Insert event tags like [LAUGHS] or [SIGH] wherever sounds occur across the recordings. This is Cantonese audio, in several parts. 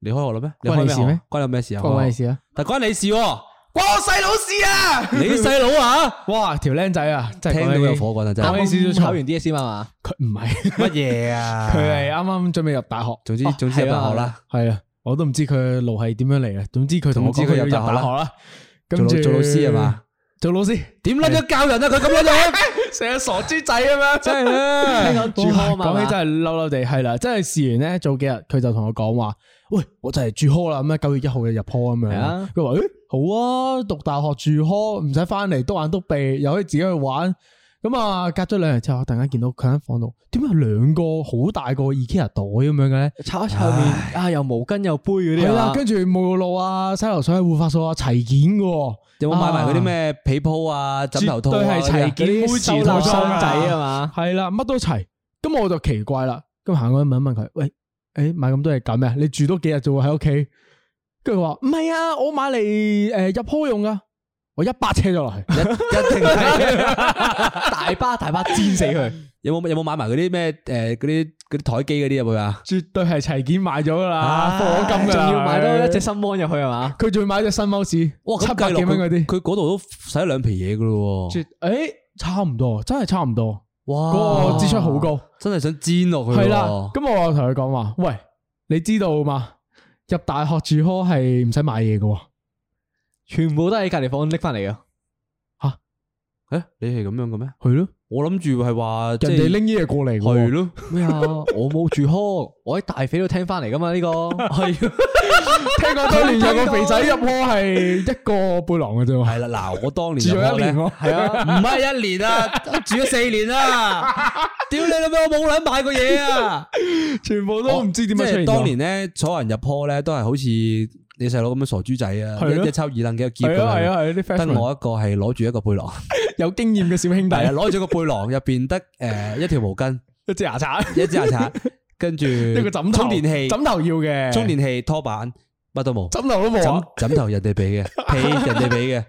你開學啦咩？關你事咩？關你咩事啊？關你事啊！但關你事，關我細佬事啊！你細佬啊？哇，條靚仔啊！聽到有火滾啦，真啱先先考完 DSE 嘛，佢唔係乜嘢啊？佢係啱啱準備入大學。總之總之入大學啦。係啊，我都唔知佢路係點樣嚟嘅，總之佢同我知佢入大學啦。做做老師係嘛？做老師點捻咗教人啊？佢咁捻去，成日傻豬仔咁樣？真係咧，講起真係嬲嬲地。係啦，真係試完咧，早幾日佢就同我講話。喂，我就嚟住 Hall 啦，咁啊九月一號就入 Hall 咁樣。佢話誒好啊，讀大學住 Hall 唔使翻嚟，篤眼篤鼻，又可以自己去玩。咁、嗯、啊隔咗兩日之後，我突然間見到佢喺房度，點解兩個好大個 IKEA 袋咁樣嘅咧？插一插面唉啊，又毛巾又杯嗰啲。係啦，跟住沐浴露啊、洗頭水、護髮素啊，齊件嘅。有冇買埋嗰啲咩被鋪啊、枕頭套啊？對，係齊件。收頭箱仔係嘛？係啦，乜都齊。咁我就奇怪啦，咁行過去問一問佢，喂、欸。誒、哎，買咁多嘢搞咩？你住多幾日就會？喺屋企，跟住佢話唔係啊，我買嚟誒、呃、入鋪用噶。我一巴車咗落去， [LAUGHS] 一定 [LAUGHS] [LAUGHS] 大巴大巴煎死佢。有冇有冇買埋嗰啲咩誒嗰啲啲台機嗰啲入去啊？絕對係齊件買咗噶啦，黃咁噶，仲要買多一隻新芒入去係嘛？佢仲要買隻新芒士。哇，七百幾蚊啲。佢嗰度都使咗兩皮嘢噶咯。絕誒、哎，差唔多，真係差唔多。哇！嗰個支出好高，真係想煎落去。係啦，咁我同佢講話，喂，你知道嘛？入大學住 Hall 係唔使買嘢嘅喎，全部都喺隔離房拎翻嚟嘅。吓、啊？誒、欸，你係咁樣嘅咩？去咯。我諗住係話，人哋拎嘢過嚟係咯咩啊？我冇住 Hall，我喺大肥度聽翻嚟噶嘛。呢個係，聽講當年有個肥仔入 Hall 係一個背囊嘅啫。係啦，嗱，我當年入 Hall 住咗一年咯。係 [LAUGHS] 啊，唔係一年啊，住咗四年啦。屌你老味，我冇捻買過嘢啊！全部都唔知點樣。即係當年咧，所有人入 Hall 咧，都係好似。你細佬咁樣傻豬仔啊，一抽二楞嘅結果，係啊係啊，得我一個係攞住一個背囊，有經驗嘅小兄弟，啊，攞住個背囊入邊得誒一條毛巾，一支牙刷，一支牙刷，跟住呢個枕頭，充電器，枕頭要嘅，充電器，拖板，乜都冇，枕頭都冇，枕頭人哋俾嘅，被人哋俾嘅，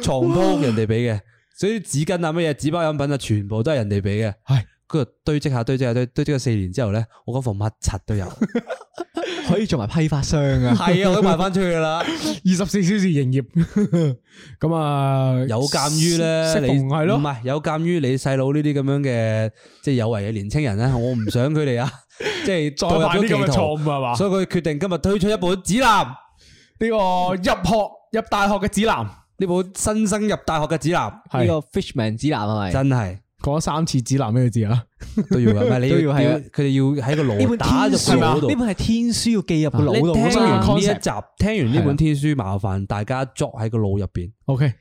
床鋪人哋俾嘅，所以紙巾啊乜嘢，紙包飲品啊全部都係人哋俾嘅，係。跟住堆積下，堆積下，堆積下堆積咗四年之後咧，我房乜柒都有， [LAUGHS] 可以做埋批發商啊！係啊，我都賣翻出去㗎啦，二十四小時營業。咁 [LAUGHS] 啊、 [LAUGHS] 嗯，有鑒於咧，係唔係有鑒於你細佬呢啲咁樣嘅即係有為嘅年青人咧，我唔想佢哋啊， [LAUGHS] 即係再犯呢個錯誤啊嘛。 [LAUGHS] 所以佢決定今日推出一本指南，呢個入學入大學嘅指南，呢本新生入大學嘅指南，呢的個 Fishman 指南係咪？真係的。 [LAUGHS] 講咗三次指南俾佢知啊， [LAUGHS] 都要噶，唔係你都要係佢哋要喺個腦打住書嗰度。呢吧本係天書，要記入個腦度。啊、你聽完呢一、啊、一集，聽完呢本天書，的麻煩大家作喺個腦入邊。OK，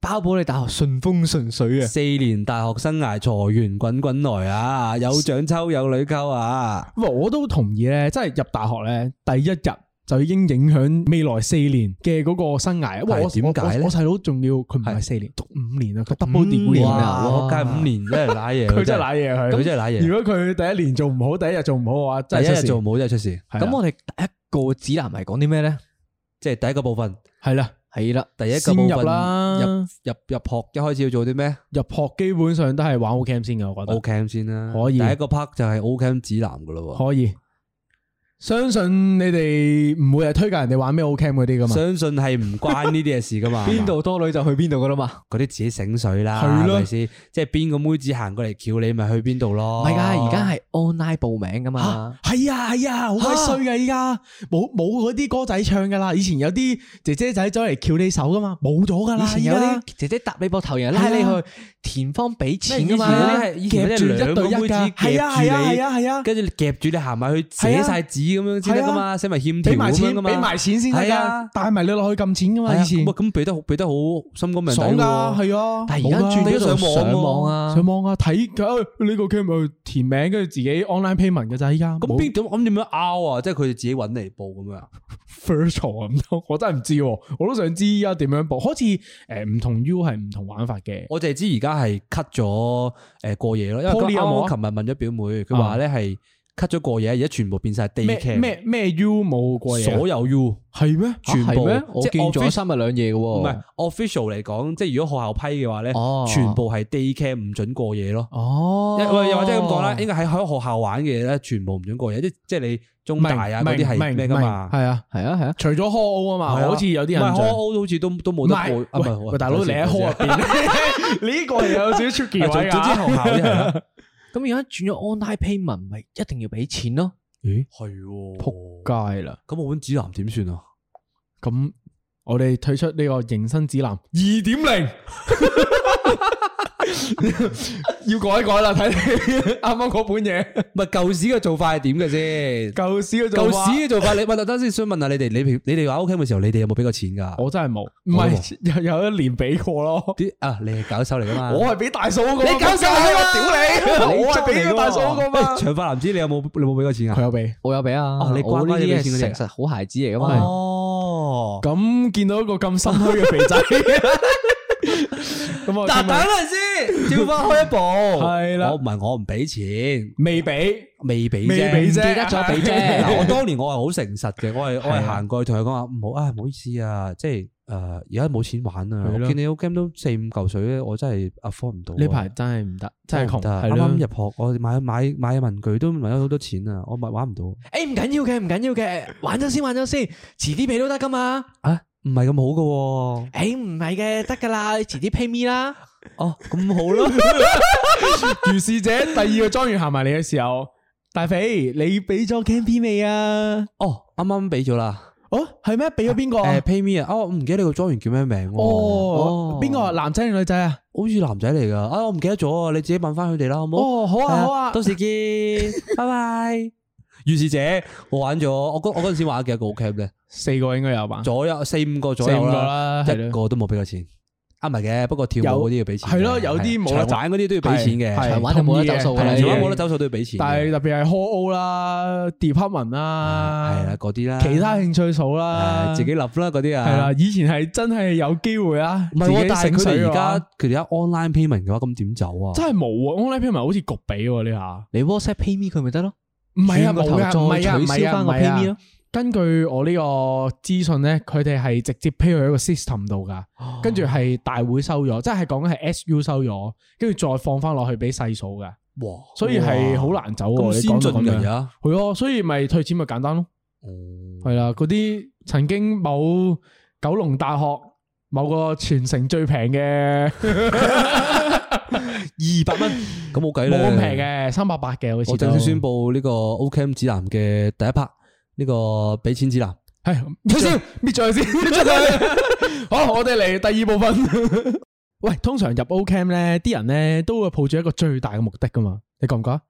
包保你大學順風順水啊！四年大學生涯財源滾滾來啊！有長秋有女溝啊！我都同意咧，真係入大學咧，第一日，就已經影響未來四年嘅嗰個生涯。哇，點解咧？我細佬仲要佢唔係四年，讀五年啊，佢得 double degree 啊，我係五年，真係舐嘢，佢真係舐嘢，佢真係舐嘢。如果佢第一年做唔好，第一日做唔好嘅話，真係出事。第一日做唔好，真係出事。咁我哋第一個指南係講啲咩咧？即係第一個部分，係啦，係啦，第一個部分啦，入入入學一開始要做啲咩？入學基本上都係玩 Ocamp 先嘅，我覺得 Ocamp 先啦。可以第一個 part 就係 Ocamp 指南噶咯，可以。相信你哋唔會係推介人哋玩咩 O.K. 嗰啲噶嘛？相信係唔關呢啲嘅事噶嘛？邊度 [LAUGHS] 多女就去邊度噶啦嘛？嗰啲自己醒水啦，係咪先？即係邊個妹子行過嚟，撬你，咪去邊度咯？唔係噶，而家係 online 報名噶嘛？係啊係啊，好鬼衰噶依家。冇冇嗰啲歌仔唱噶啦，以前有啲姐姐仔走嚟撬你手噶嘛，冇咗噶啦。以前有啲姐姐搭你膊頭，又的拉你去田方俾錢嘛啊嘛。以前係住一對一，係啊係啊係啊係啊，跟住你夾住你行埋去寫晒的字。咁睇啊嘛，寫埋欠條咁樣噶嘛，俾埋錢先啊，帶埋你落去撳錢噶嘛。以前，咁俾得好，俾得好心甘情願爽噶，係啊。但係而家轉咗上網啊，上網啊，睇咁呢個 game 填名，跟住自己 online payment 嘅咋依家。咁邊點咁點樣 out 啊？即係佢哋自己揾嚟報咁樣啊，First 啊，out 咁多，我真係唔知，我都想知依家點樣報。好似誒唔同 U 係唔同玩法嘅，我淨係知而家係 cut 咗誒過夜咯。因為啱啱我琴日問咗表妹，佢話咧係。cut 咗過夜，而家全部變晒 daycamp 咩咩 U 冇過夜？所有 U 係咩？全部咩？我見咗三日兩夜嘅喎。唔係 official 嚟講，即係如果學校批嘅話咧，全部係 daycamp 唔准過夜咯。哦，喂，又或者咁講啦，應該喺喺學校玩嘅嘢咧，全部唔准過夜。即即係你中大啊嗰啲係咩噶嘛？係啊係啊係啊，除咗 hall 啊嘛，好似有啲人 hall 好似都都冇得過啊！喂大佬你喺 hall 入邊呢個又有少少 tricky 位咁而家轉咗 online payment，咪一定要俾錢咯？咦、欸，係喎的，撲街啦！咁我本指南點算啊？咁我哋推出呢個迎新指南二點零。要改改啦，睇你啱啱嗰本嘢。唔係舊屎嘅做法係點嘅先？舊屎嘅做法，舊屎嘅做法。你問阿丹先，想問下你哋，你你哋話 OK 嘅時候，你哋有冇俾過錢噶？我真係冇，唔係有有一年俾過咯。啲啊，你係搞手嚟噶嘛？我係俾大嫂個，你搞手我屌你，我係俾大嫂個嘛？長髮男子，你有冇你冇俾過錢啊？佢有俾，我有俾啊。你乖乖嘅誠實好孩子嚟噶嘛？哦，咁見到一個咁心虛嘅肥仔。等等陣先，跳翻開一步，係啦。我唔係我唔俾錢，未俾 [LAUGHS] 給，未俾，未俾啫。唔記得咗俾啫。 [LAUGHS] 我當年我係好誠實嘅，我係 [LAUGHS] 我係行過去同佢講話唔好啊，唔、哎、唔好意思啊，即係誒而家冇錢玩啊。的我見你個 game 都四五嚿水咧，我真係 afford 唔到。呢排的真係唔得，真係窮得。啱啱的入學，我買買買文具都用咗好多錢啊，我咪玩唔到。誒唔緊要嘅，唔緊要嘅，玩咗先，玩咗先，遲啲俾都得噶嘛。啊！啊唔係咁好嘅喎、啊，誒唔係嘅，得噶啦，你遲啲 pay me 啦。哦，咁好咯、啊。 [LAUGHS] 如是者第二個莊園行埋嚟嘅時候， [LAUGHS] 大肥你俾咗 camping 未啊？呃、哦，啱啱俾咗啦。哦，係咩、哦？俾咗邊個？誒，pay me 啊！哦，我唔記得你個莊園叫咩名喎？哦，邊個？男仔定女仔啊？好似男仔嚟噶。啊，我唔記得咗啊，你自己問翻佢哋啦，好唔好？哦，好啊，好啊，啊到時見， [LAUGHS] 拜拜。於是者，我玩咗，我嗰我時玩咗幾多個 O 卡咧？四個應該有吧，左右四五個左右啦，一個都冇俾過錢。啱埋嘅，不過跳舞嗰啲要俾錢。係咯，有啲冇得賺嗰啲都要俾錢嘅。長玩就冇得走數嘅，長冇得走數都要俾錢。但係特別係 h a l l 啦、department 啦，係啦嗰啲啦，其他興趣組啦，自己立啦嗰啲啊。係啦，以前係真係有機會啊。唔係，但係佢哋而家佢而家 online payment 嘅話，咁點走啊？真係冇啊！online payment 好似局俾喎呢下，你 WhatsApp pay me 佢咪得咯？唔係啊，冇啊，唔係啊，唔係啊，唔係啊。啊，根據我呢個資訊咧，佢哋係直接配去一個 system 度噶，跟住係大會收咗，即係講緊係 SU 收咗，跟住再放翻落去俾細數嘅哇。哇！所以係好難走你講咗咁先嘢啊！係咯，啊，所以咪退錢咪簡單咯。哦，嗯，係啦，啊，嗰啲曾經某九龍大學某個全城最平嘅。二百蚊咁冇計咧，冇咁平嘅，三百八嘅。我正式宣布呢個 Ocamp 指南嘅第一 part，呢個俾錢指南，係先搣咗佢先，搣咗佢。好，我哋嚟第二部分。喂，通常入 Ocamp 咧，啲人咧都會抱住一個最大嘅目的噶嘛，你覺唔覺？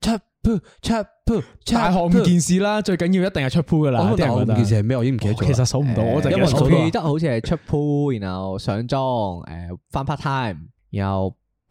出出，出 Pool，大學五件事啦，最緊要一定係出 Pool 噶啦。我唔記得五件事係咩，我已經唔記得咗。其實數唔到，我淨係記得好似係出 Pool，然後上莊，誒，返 part time，然後。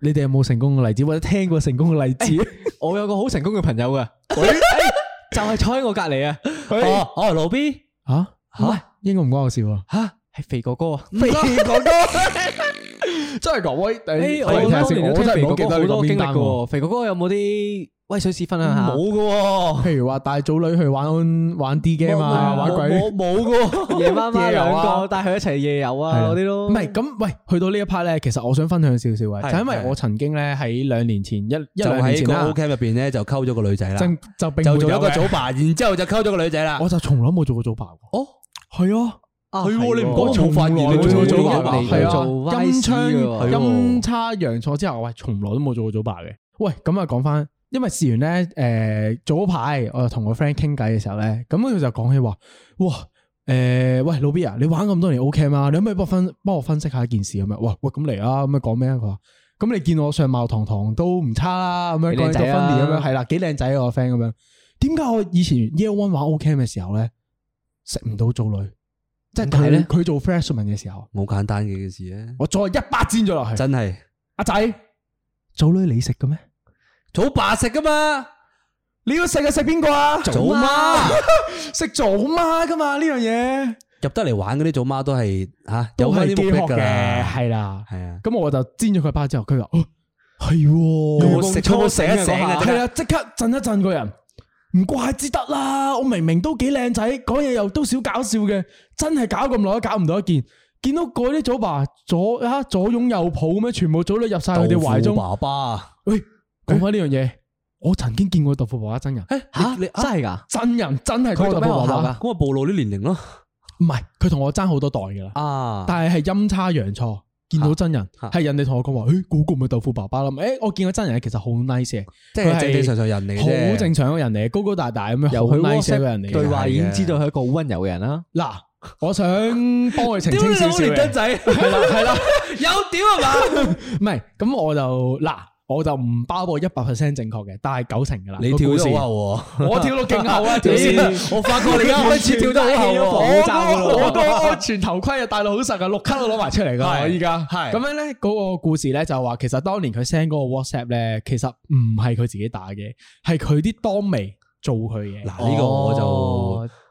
你哋有冇成功嘅例子，或者聽過成功嘅例子？欸、我有個好成功嘅朋友啊，就係坐喺我隔籬啊！哦哦，老 B，吓吓，應該唔關我事喎。啊係肥哥哥，肥哥哥真係講威，我當年真係冇見到好多經歷嘅。肥哥哥有冇啲威水事分享下？冇嘅，譬如話帶組女去玩玩 D game 啊，玩鬼我冇嘅，夜媽媽兩個帶佢一齊夜遊啊，嗰啲咯。唔係咁，喂，去到呢一 part 咧，其實我想分享少少嘅，就因為我曾經咧喺兩年前一就喺個 O camp 入邊咧就溝咗個女仔啦，就並就做咗個組爸然之後就溝咗個女仔啦。我就從來冇做過組爸。哦，係啊。係喎，你唔我冇發現你做做早八，係啊，陰槍陰差陽錯之後，喂，從來都冇做過早八嘅。喂，咁啊，講翻，因為事緣咧，誒、呃，早排我就同我 friend 傾偈嘅時候咧，咁佢就講起話，哇，誒、呃，喂，老 B 啊，你玩咁多年 OK 嘛？你可唔可以幫分幫我分析一下一件事咁啊？哇，喂，咁嚟啊，咁啊講咩啊？佢話，咁你見我相貌堂堂都唔差、啊、都啦，咁樣靚仔啊，咁樣係啦，幾靚仔啊個 friend 咁樣。點解我以前 Year One 玩 OK 嘅時候咧，食唔到組女？即係佢佢做 freshman 嘅時候，好簡單嘅件事啊！我再一巴煎咗落去，真係阿仔組女你食嘅咩？組爸食噶嘛？你要食就食邊個啊？組媽食組媽噶嘛？呢樣嘢入得嚟玩嗰啲組媽都係吓有開貝殼嘅，係啦，係啊。咁我就煎咗佢巴之後，佢話係，我食冲到醒一醒，係啊，即刻震一震個人。唔怪之得啦！我明明都幾靚仔，講嘢又都少搞笑嘅，真係搞咁耐都搞唔到一件。見到嗰啲組爸左左擁右抱咩，全部組女入晒佢哋懷中。爸爸，喂、欸，講翻呢樣嘢，欸、我曾經見過杜富婆真人。吓，真係噶，真人真係。佢做咩啊？咁啊，暴露啲年齡咯。唔係，佢同我爭好多代噶啦。啊，但係係陰差陽錯。見到真人係、啊、人哋同我講話，誒、欸，嗰個咪豆腐爸爸啦，誒、欸，我見到真人其實好 nice 嘅，即係正常常人嚟，好正常嘅人嚟，高高大大咁樣，又好 nice 嘅人嚟嘅。對話已經知道係一個好溫柔嘅人啦。嗱、啊，我想幫佢澄清清楚， [LAUGHS] 你得仔，德 [LAUGHS] 仔，係啦， [LAUGHS] 有屌係嘛？唔係， [LAUGHS] 咁我就嗱。啊我就唔包括一百 percent 正確嘅，但係九成噶啦。你跳得好後喎，我跳到勁後啊！跳線，我發覺你而家開始跳得好後喎，好多好多全頭盔啊，戴到好實啊，六級都攞埋出嚟噶。依家係咁樣咧，嗰個故事咧就話，其實當年佢 send 嗰個 WhatsApp 咧，其實唔係佢自己打嘅，係佢啲當微做佢嘅。嗱呢個我就。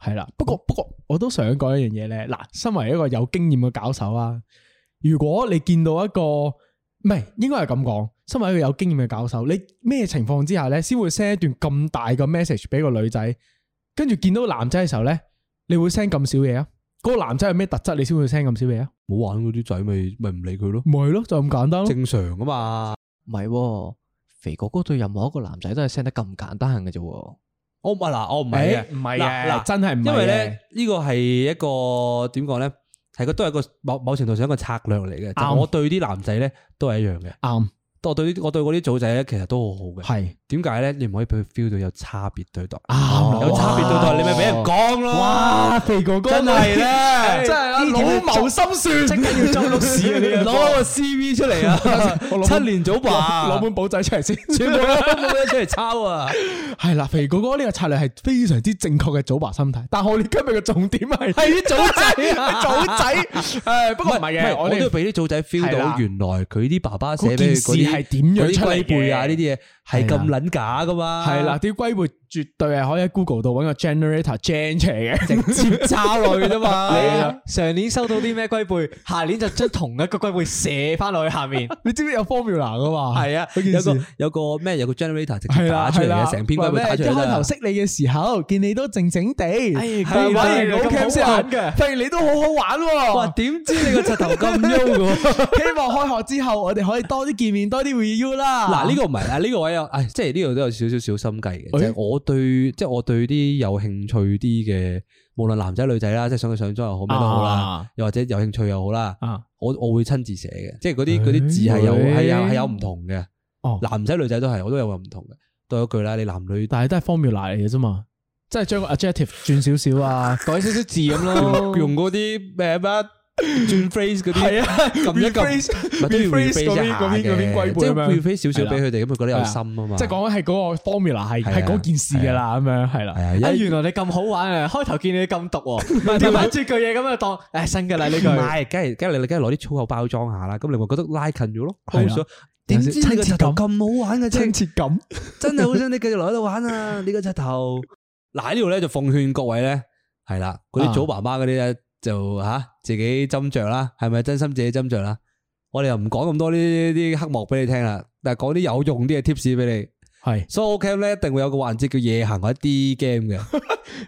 係啦，不過不過，不過我都想講一樣嘢咧。嗱，身為一個有經驗嘅教授啊，如果你見到一個唔係，應該係咁講，身為一個有經驗嘅教授，你咩情況之下咧，先會 send 一段咁大嘅 message 俾個女仔？跟住見到男仔嘅時候咧，你會 send 咁少嘢啊？嗰個男仔係咩特質？你先會 send 咁少嘢啊？冇玩嗰啲仔，咪咪唔理佢咯。咪咯，就咁簡單咯。正常噶嘛。唔係肥哥哥對任何一個男仔都係 send 得咁簡單嘅啫。我唔，嗱，我唔係，真係唔係。因為咧，呢個係一個點講呢？係個都係個某某程度上一個策略嚟嘅。但我對啲男仔咧都係一樣嘅。啱。我對我對嗰啲組仔咧，其實都好好嘅。係點解咧？你唔可以俾佢 feel 到有差別對待。啊！有差別對待，你咪俾人講咯。哇！肥哥哥真係咧，真係啊！老謀深算，即刻要收碌屎攞個 CV 出嚟啊！七年組爸攞本簿仔出嚟先，全部都冇得出嚟抄啊！係啦，肥哥哥呢個策略係非常之正確嘅組爸心態。但係我哋今日嘅重點係係啲組仔啊，組仔誒，不過唔係嘅，我都俾啲組仔 feel 到，原來佢啲爸爸寫俾佢。係點樣出嘅？啲龜背啊，呢啲嘢係咁捻假噶嘛？係啦、啊，啲龜背。絕對係可以喺 Google 度揾個 generator generate 嘅，直接揸來噶嘛。上年收到啲咩龜背，下年就將同一個龜背射翻落去下面。你知唔知有 formula 噶嘛？係啊，有個有個咩有個 generator 直接打出嚟嘅，成篇龜背打出嚟。一開頭識你嘅時候，見你都靜靜地，係啊，玩完好嘅，發現你都好好玩。點知你個頭咁慵。希望開學之後我哋可以多啲見面，多啲 review 啦。嗱呢個唔係啦，呢個位有，誒即係呢度都有少少小心計嘅，即係我。我對，即係我對啲有興趣啲嘅，無論男仔女仔啦，即係想去上莊又好咩都好啦，啊、又或者有興趣又好啦、啊，我我會親自寫嘅，即係嗰啲啲字係有係啊係有唔同嘅，哦、男仔女仔都係，我都有唔同嘅。多一句啦，你男女，但係都係方便娜嚟嘅啫嘛，即係將個 adjective 轉少少啊，改少少字咁咯， [LAUGHS] 用嗰啲咩乜。轉 phrase 嗰啲係啊，咁一個都要飛一下嘅，即係要飛少少俾佢哋，咁佢覺得有心啊嘛。即係講緊係嗰個 formula 係係嗰件事噶啦，咁樣係啦。哎，原來你咁好玩啊！開頭見你咁毒，唔係搵住句嘢咁就當誒新嘅啦呢句。唔係，梗係梗係你梗係攞啲粗口包裝下啦。咁另外覺得拉近咗咯，close 咗。點知個柒頭咁好玩嘅啫？親切感真係好，真想你繼續留喺度玩啊！你個柒頭嗱喺呢度咧就奉勸各位咧係啦，嗰啲組爸爸嗰啲咧。就吓自己斟酌啦，係咪真心自己斟酌啦？我哋又唔講咁多呢啲黑幕俾你聽啦，但係講啲有用啲嘅 tips 俾你。係，所以 OK，咧一定會有個環節叫夜行一啲 game 嘅，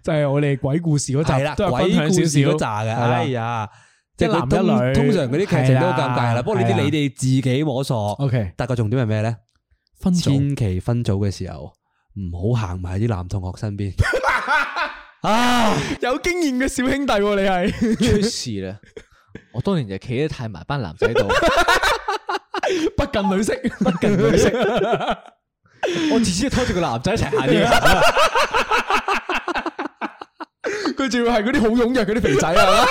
就係我哋鬼故事嗰集啦，鬼故事嗰集嘅。哎呀，即係男一女通常嗰啲劇情都好尷尬啦。不過呢啲你哋自己摸索。O K，但係個重點係咩咧？千祈分組嘅時候唔好行埋啲男同學身邊。啊！有經驗嘅小兄弟，啊，你係出事啦！ [LAUGHS] 我當年就企喺太埋班男仔度， [LAUGHS] 不近女色，不近女色， [LAUGHS] 我次次拖住個男仔一齊下。 [LAUGHS] [LAUGHS] 佢仲要係嗰啲好勇嘅嗰啲肥仔啊！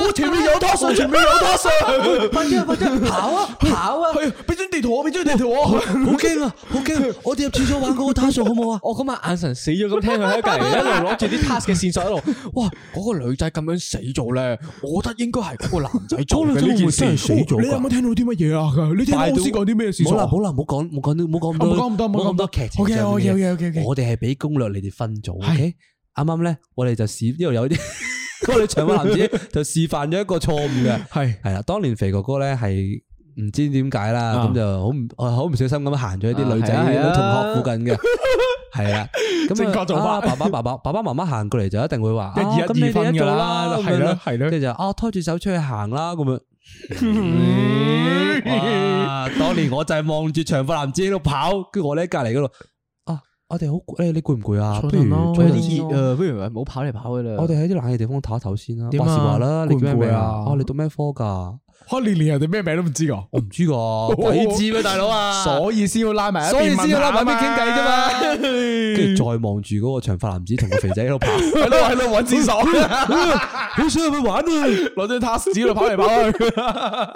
我前面有 task，前面有 task，快啲啊！快啲跑啊！跑啊！係，俾張地圖我，俾張地圖我，好驚啊！好驚！我哋入廁所玩嗰個 task 好唔好啊？我今日眼神死咗咁，聽佢喺隔籬一路攞住啲 task 嘅線索一路。哇！嗰個女仔咁樣死咗咧，我覺得應該係嗰個男仔做嘅呢件事。你有冇聽到啲乜嘢啊？你聽到老師講啲咩事？好啦，好啦，唔好講，唔好講啲，唔好講咁多，唔好講咁多劇情上嘅嘢。我哋係俾攻略你哋分組，OK。啱啱咧，剛剛我哋就試呢度有啲，不過你長髮男子就示範咗一個錯誤嘅，係係啦。當年肥哥哥咧係唔知點解啦，咁、啊、就好唔好唔小心咁行咗一啲女仔、啊啊、同學附近嘅，係啦、啊。咁正確做法，爸爸爸爸爸爸媽媽行過嚟就一定會話、 [LAUGHS] 啊、一二一」。分噶啦，係咯係咯，跟住就啊拖住手出去行啦咁樣。當年我就係望住長髮男子喺度跑，跟住我咧隔籬嗰度。我哋好攰，你攰唔攰啊？不如，有啲熱啊，不如唔好跑嚟跑去啦。我哋喺啲冷嘅地方唞一唞先啦。話時話啦，你咩名啊？哦，你讀咩科㗎？連連人哋咩名都唔知㗎，我唔知㗎，鬼知咩大佬啊？所以先要拉埋，所以先要拉埋咩傾偈啫嘛。跟住再望住嗰個長髮男子同個肥仔喺度跑，喺度喺度揾廁所，好想去玩，啊！攞張 task 紙喺度跑嚟跑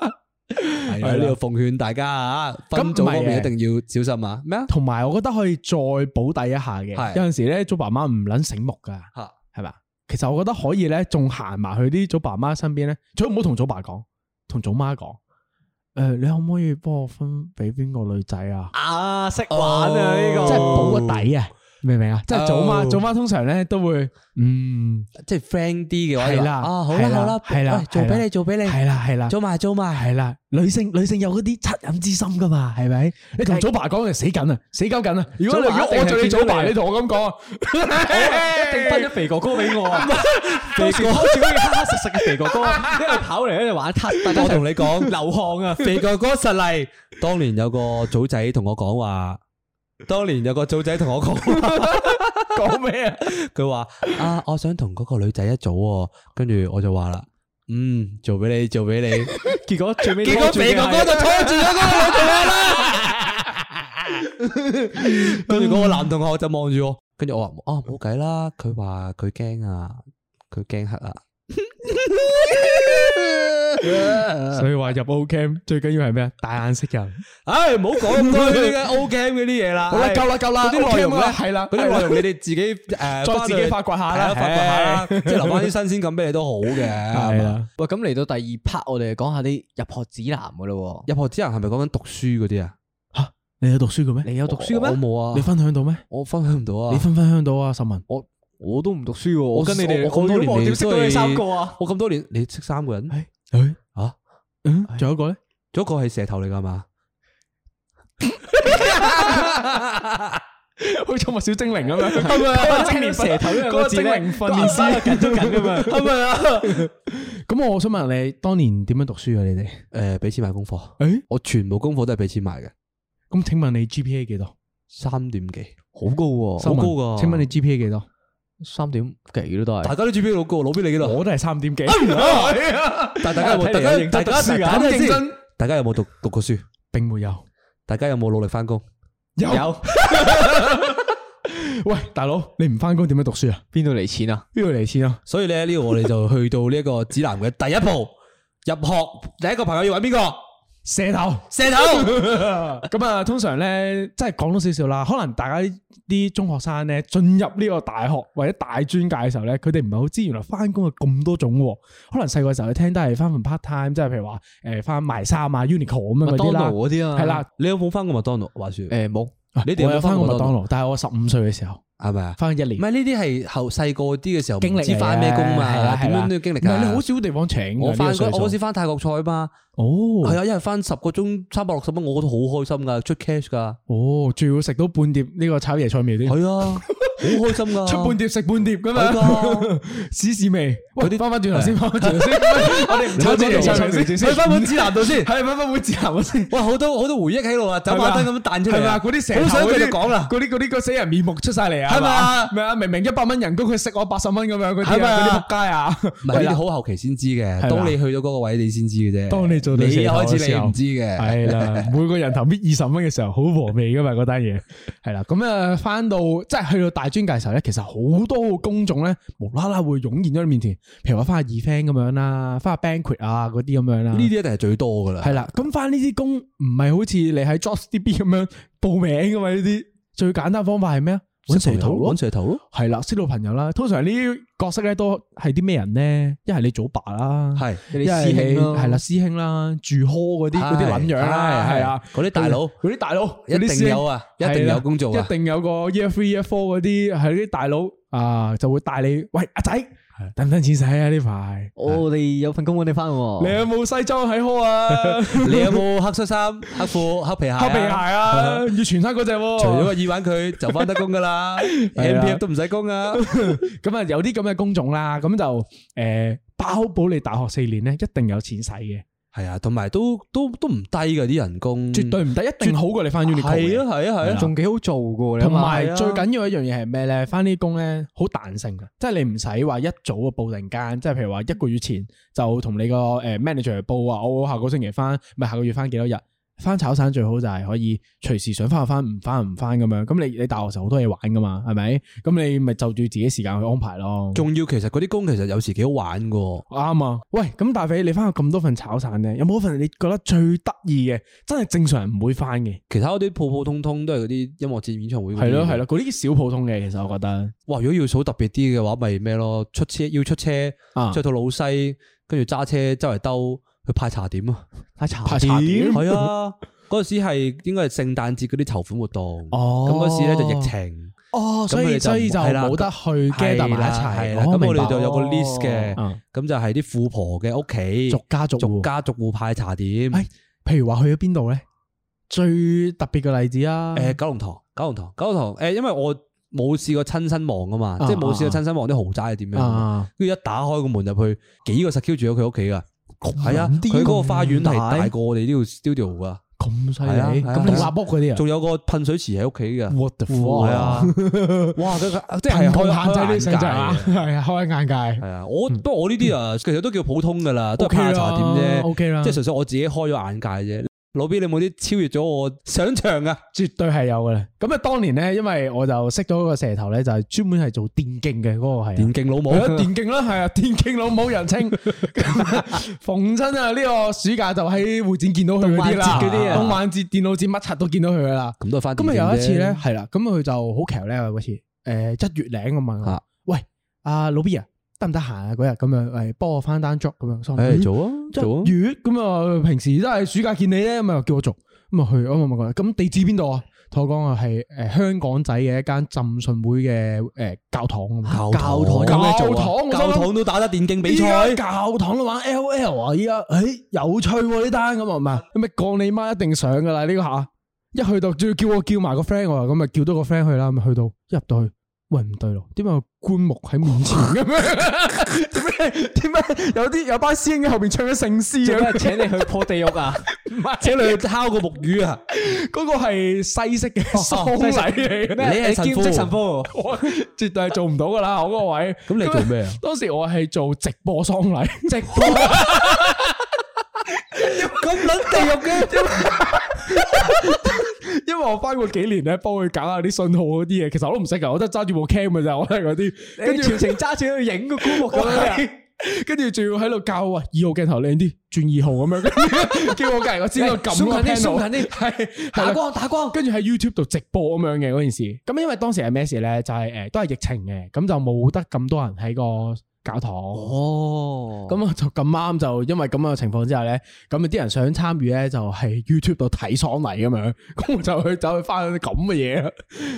去。係啊，呢度奉勸大家啊，嗯、分組方面一定要小心啊。咩啊？同埋麼我覺得可以再補底一下嘅。的有陣時咧，組爸媽唔撚醒目噶，係嘛的？其實我覺得可以咧，仲行埋去啲組爸媽身邊咧，最好唔好同組爸講，同組媽講。誒、呃，你可唔可以幫我分俾邊個女仔啊？啊，識玩啊呢、哦這個，即係補個底啊。明唔明啊？即係組媽，組媽通常咧都會，嗯，即係 friend 啲嘅話。係啦，啊，好啦，好啦，係啦，做俾你，做俾你，係啦，係啦，做埋，做埋，係啦。女性，女性有嗰啲惻隱之心噶嘛？係咪？你同組爸講就死緊啦，死鳩緊啦。如果如果我做你組爸，你同我咁講，一定分咗肥哥哥俾我。肥哥，最好要踏踏實實嘅肥哥哥，跑嚟喺度玩卡。但係我同你講，流汗啊，肥哥哥實例。當年有個組仔同我講話。當年有個組仔同我講，講咩啊？佢話啊，我想同嗰個女仔一組喎，啊，跟住我就話啦，嗯，做俾你，做俾你。 [LAUGHS] 結果最尾結果你個哥哥就拖住咗個女同學啦。跟住嗰個男同學就望住我，跟住 [LAUGHS] 我話啊，冇計啦。佢話佢驚啊，佢驚黑啊。 [LAUGHS] 所以話入 O Cam 最緊要係咩啊？帶眼識人，唉，唔好講嗰啲嘅 O Cam 嗰啲嘢啦。好啦，夠啦，夠啦，啲內容咧係啦，嗰啲內容你哋自己誒，再自己發掘下啦，發掘下啦，即係留翻啲新鮮感咩嘢都好嘅。係啊，喂，咁嚟到第二 part，我哋講下啲入學指南噶咯。入學指南係咪講緊讀書嗰啲啊？吓，你有讀書嘅咩？你有讀書嘅咩？我冇啊，你分享到咩？我分享唔到啊，你分分享到啊？新聞，我我都唔讀書，我跟你哋，我我我我我我我我我我我我我我我我我我我誒，啊，嗯，仲有一個咧，仲有一個係蛇頭嚟噶嘛？好似寵物小精靈咁樣，係咪 [LAUGHS] [LAUGHS] 啊？蛇頭嗰個字咧，訓練師咁樣，係咪啊？咁、啊、 [LAUGHS] 我想問你， [LAUGHS] 當年點樣讀書啊？你哋誒，俾、呃、錢買功課。誒、欸，我全部功課都係俾錢買嘅。咁請問你 GPA 幾多？三點幾，好高喎，啊，好高噶。請問你 GPA 幾多？三點幾咯，都係大家都住邊老高，老邊你幾多？我都係三點幾。但係大家有冇大家認真？大家有冇讀讀過書？並沒有。大家有冇努力翻工？有。喂，大佬，你唔翻工點樣讀書啊？邊度嚟錢啊？邊度嚟錢啊？所以咧呢，呢度，我哋就去到呢一個指南嘅第一步，入學第一個朋友要搵邊個？蛇頭，蛇頭。咁啊，通常咧，即係講多少少啦。可能大家啲中學生咧，進入呢個大學或者大專界嘅時候咧，佢哋唔係好知原來翻工有咁多種。可能細個時候你聽都係翻份 part time，即係譬如話誒翻賣衫啊，Uniqlo 咁樣嗰啲啦。麥當勞啲啦，係啦。你有冇翻過麥當勞？話說誒冇、欸。你哋有翻過麥當勞？啊、我有翻過麥當勞，但係我十五歲嘅時候。係咪啊？翻一年，唔係呢啲係後細個啲嘅時候唔知翻咩工嘛？點樣都要經歷噶。唔係，你好少地方請我翻，我嗰次翻泰國菜嘛。哦，係啊，因為翻十個鐘三百六十蚊，我覺得好開心噶，出 cash 噶。哦，仲要食到半碟呢個炒椰菜味啲。係啊，好開心啊。出半碟食半碟噶嘛。試試味。嗰啲翻翻轉頭先，翻翻轉頭先，我哋唔炒啲椰菜味去翻伍指南度先，係翻翻伍指南先。哇，好多好多回憶喺度啊！走馬燈咁彈出去啊！嗰啲成，好想同你講啦！嗰啲嗰啲個死人面目出晒嚟啊！係咪啊？明啊！明明一百蚊人工吧，佢食我八十蚊咁樣嗰啲，嗰啲仆街啊！呢啲好後期先知嘅，吧當你去到嗰個位你，你先知嘅啫。當你做到嘢開始你吧，你唔知嘅。係啦，每個人頭搣二十蚊嘅時候，好和味噶嘛？嗰單嘢係啦。咁啊，翻到即係去到大專界嘅時候咧，其實好多嘅工種咧，無啦啦會湧現咗你面前。譬如話翻下 event 咁樣啦，翻阿 banquet 啊嗰啲咁樣啦。呢啲一定係最多噶啦。係啦、嗯，咁翻呢啲工唔係好似你喺 job listing 咁樣報名噶嘛？呢啲最簡單方法係咩啊？揾蛇頭咯，揾蛇頭咯，係啦，識到朋友啦，通常呢啲角色咧都係啲咩人咧？一係你組爸啦，係一係，係啦師兄啦，住 hall 嗰啲嗰啲捻樣啦，係啊，嗰啲大佬，嗰啲大佬，一定有啊，一定有工作，一定有個 year three year four 嗰啲係啲大佬啊，就會帶你喂，阿仔。等唔等錢使啊！呢排我哋有份工揾你翻，你有冇西裝喺開啊？你有冇黑色衫、黑褲、黑皮鞋？黑皮鞋啊，要全身嗰隻。除咗個耳環，佢就翻得工噶啦。M P F 都唔使供噶。咁啊，有啲咁嘅工種啦，咁就誒包保你大學四年咧，一定有錢使嘅。係啊，同埋都都都唔低噶啲人工，絕對唔低，一定好過你翻 uniqlo 嘅係啊，係啊，係啊，仲幾、啊、好做噶。同埋有、啊、最緊要、啊、一樣嘢係咩咧？翻呢啲工咧，好彈性噶，即係你唔使話一早啊報定間，即係譬如話一個月前就同你個誒 manager 報啊，我下個星期翻，唔係下個月翻幾多日。翻炒散最好就係可以隨時想翻就翻，唔翻唔翻咁樣。咁你你大學時候好多嘢玩噶嘛，係咪？咁你咪就住自己時間去安排咯。仲要其實嗰啲工其實有時幾好玩噶。啱啊。喂，咁大肥，你翻去咁多份炒散咧？有冇一份你覺得最得意嘅？真係正常人唔會翻嘅。其他嗰啲普普通通都係嗰啲音樂節、演唱會。係咯係咯，嗰啲小普通嘅其實我覺得。哇，如果要數特別啲嘅話，咪咩咯？出車要出車，着套老西，跟住揸車周圍兜。嗯去派茶點啊！派茶點係啊，嗰時係應該係聖誕節嗰啲籌款活動。哦，咁嗰時咧就疫情。哦，咁所以就冇得去 gather 埋一齊。咁我哋就有個 list 嘅，咁就係啲富婆嘅屋企，逐家逐逐家逐戶派茶點。譬如話去咗邊度咧？最特別嘅例子啊！誒，九龍塘，九龍塘，九龍塘。誒，因為我冇試過親身望啊嘛，即係冇試過親身望啲豪宅係點樣。跟住一打開個門入去，幾個 secure 住喺佢屋企噶。係啊，佢嗰個花園係大過我哋呢度 studio 噶，咁犀利啊，咁獨立屋嗰啲啊，仲有個噴水池喺屋企嘅，What the fuck? 哇，哇， [LAUGHS] 即係開眼界，係啊，開眼界，係啊，我都、嗯、我呢啲啊，其實都叫普通噶啦，都係攀茶點啫，ok 啦，okay 即係純粹我自己開咗眼界啫。老 B，你冇啲超越咗我想象啊！絕對係有嘅啦。咁啊，當年咧，因為我就識咗個蛇頭咧，就係、是、專門係做電競嘅嗰個係。電競老母。電競啦，係啊，電競 [LAUGHS] 老母人稱。逢親啊，呢個暑假就喺會展見到佢嗰啲啦。節啊、動漫節、電腦節乜柒都見到佢噶啦。咁都翻。咁又有一次咧，係啦，咁佢就好巧咧，嗰次，誒，一月零我問，喂，阿、啊、老 B 啊。得唔得閒啊？嗰日咁樣嚟幫我翻單 job 咁樣，誒，做啊，做啊，月咁啊，平時都係暑假見你咧，咁啊叫我做，咁啊去，咁我問佢：「咁地址邊度啊？同我講話，係、呃、誒香港仔嘅一間浸信會嘅誒教堂教堂，教堂，教堂都打得電競比賽，教堂都玩 L L 啊！依家誒有趣喎，啊，呢單咁啊唔係，咁咪講你媽一定上噶啦呢個吓，一去到仲要叫我叫埋個 friend，咁啊叫多個 friend 去啦，咁去到入到去。喂，唔對咯，點解有棺木喺面前咁樣？點解？ [LAUGHS] 點解有啲有，有班師兄喺後邊唱咗聖詩？做咩？請你去破地獄啊？唔係 [LAUGHS] 請你去敲個木魚啊？嗰 [LAUGHS] 個係西式嘅喪禮，你係、啊、兼職神父，我絕對係做唔到噶啦！我嗰個位。咁 [LAUGHS] 你做咩啊？ [LAUGHS] 當時我係做直播喪禮，直播。 [LAUGHS] 咁撚地獄嘅， [LAUGHS] 因為我翻過幾年咧，幫佢搞下啲信號嗰啲嘢，其實我都唔識噶，我都係揸住部 cam 嘅咋。我係嗰啲跟住全程揸住喺度影個棺木咁樣，跟住仲要喺度教啊，二號鏡頭靚啲，轉二號咁樣，叫我隔日知道咁。鬆緊啲，鬆緊啲，係打光，打光。跟住喺 YouTube 度直播咁樣嘅嗰件事，咁因為當時係咩事咧？就係、是、誒，都係疫情嘅，咁就冇得咁多人喺個。教堂哦，咁啊就咁啱就因為咁樣嘅情況之下咧，咁啊啲人想參與咧就喺 YouTube 度睇喪禮咁樣，咁我就去走去翻啲咁嘅嘢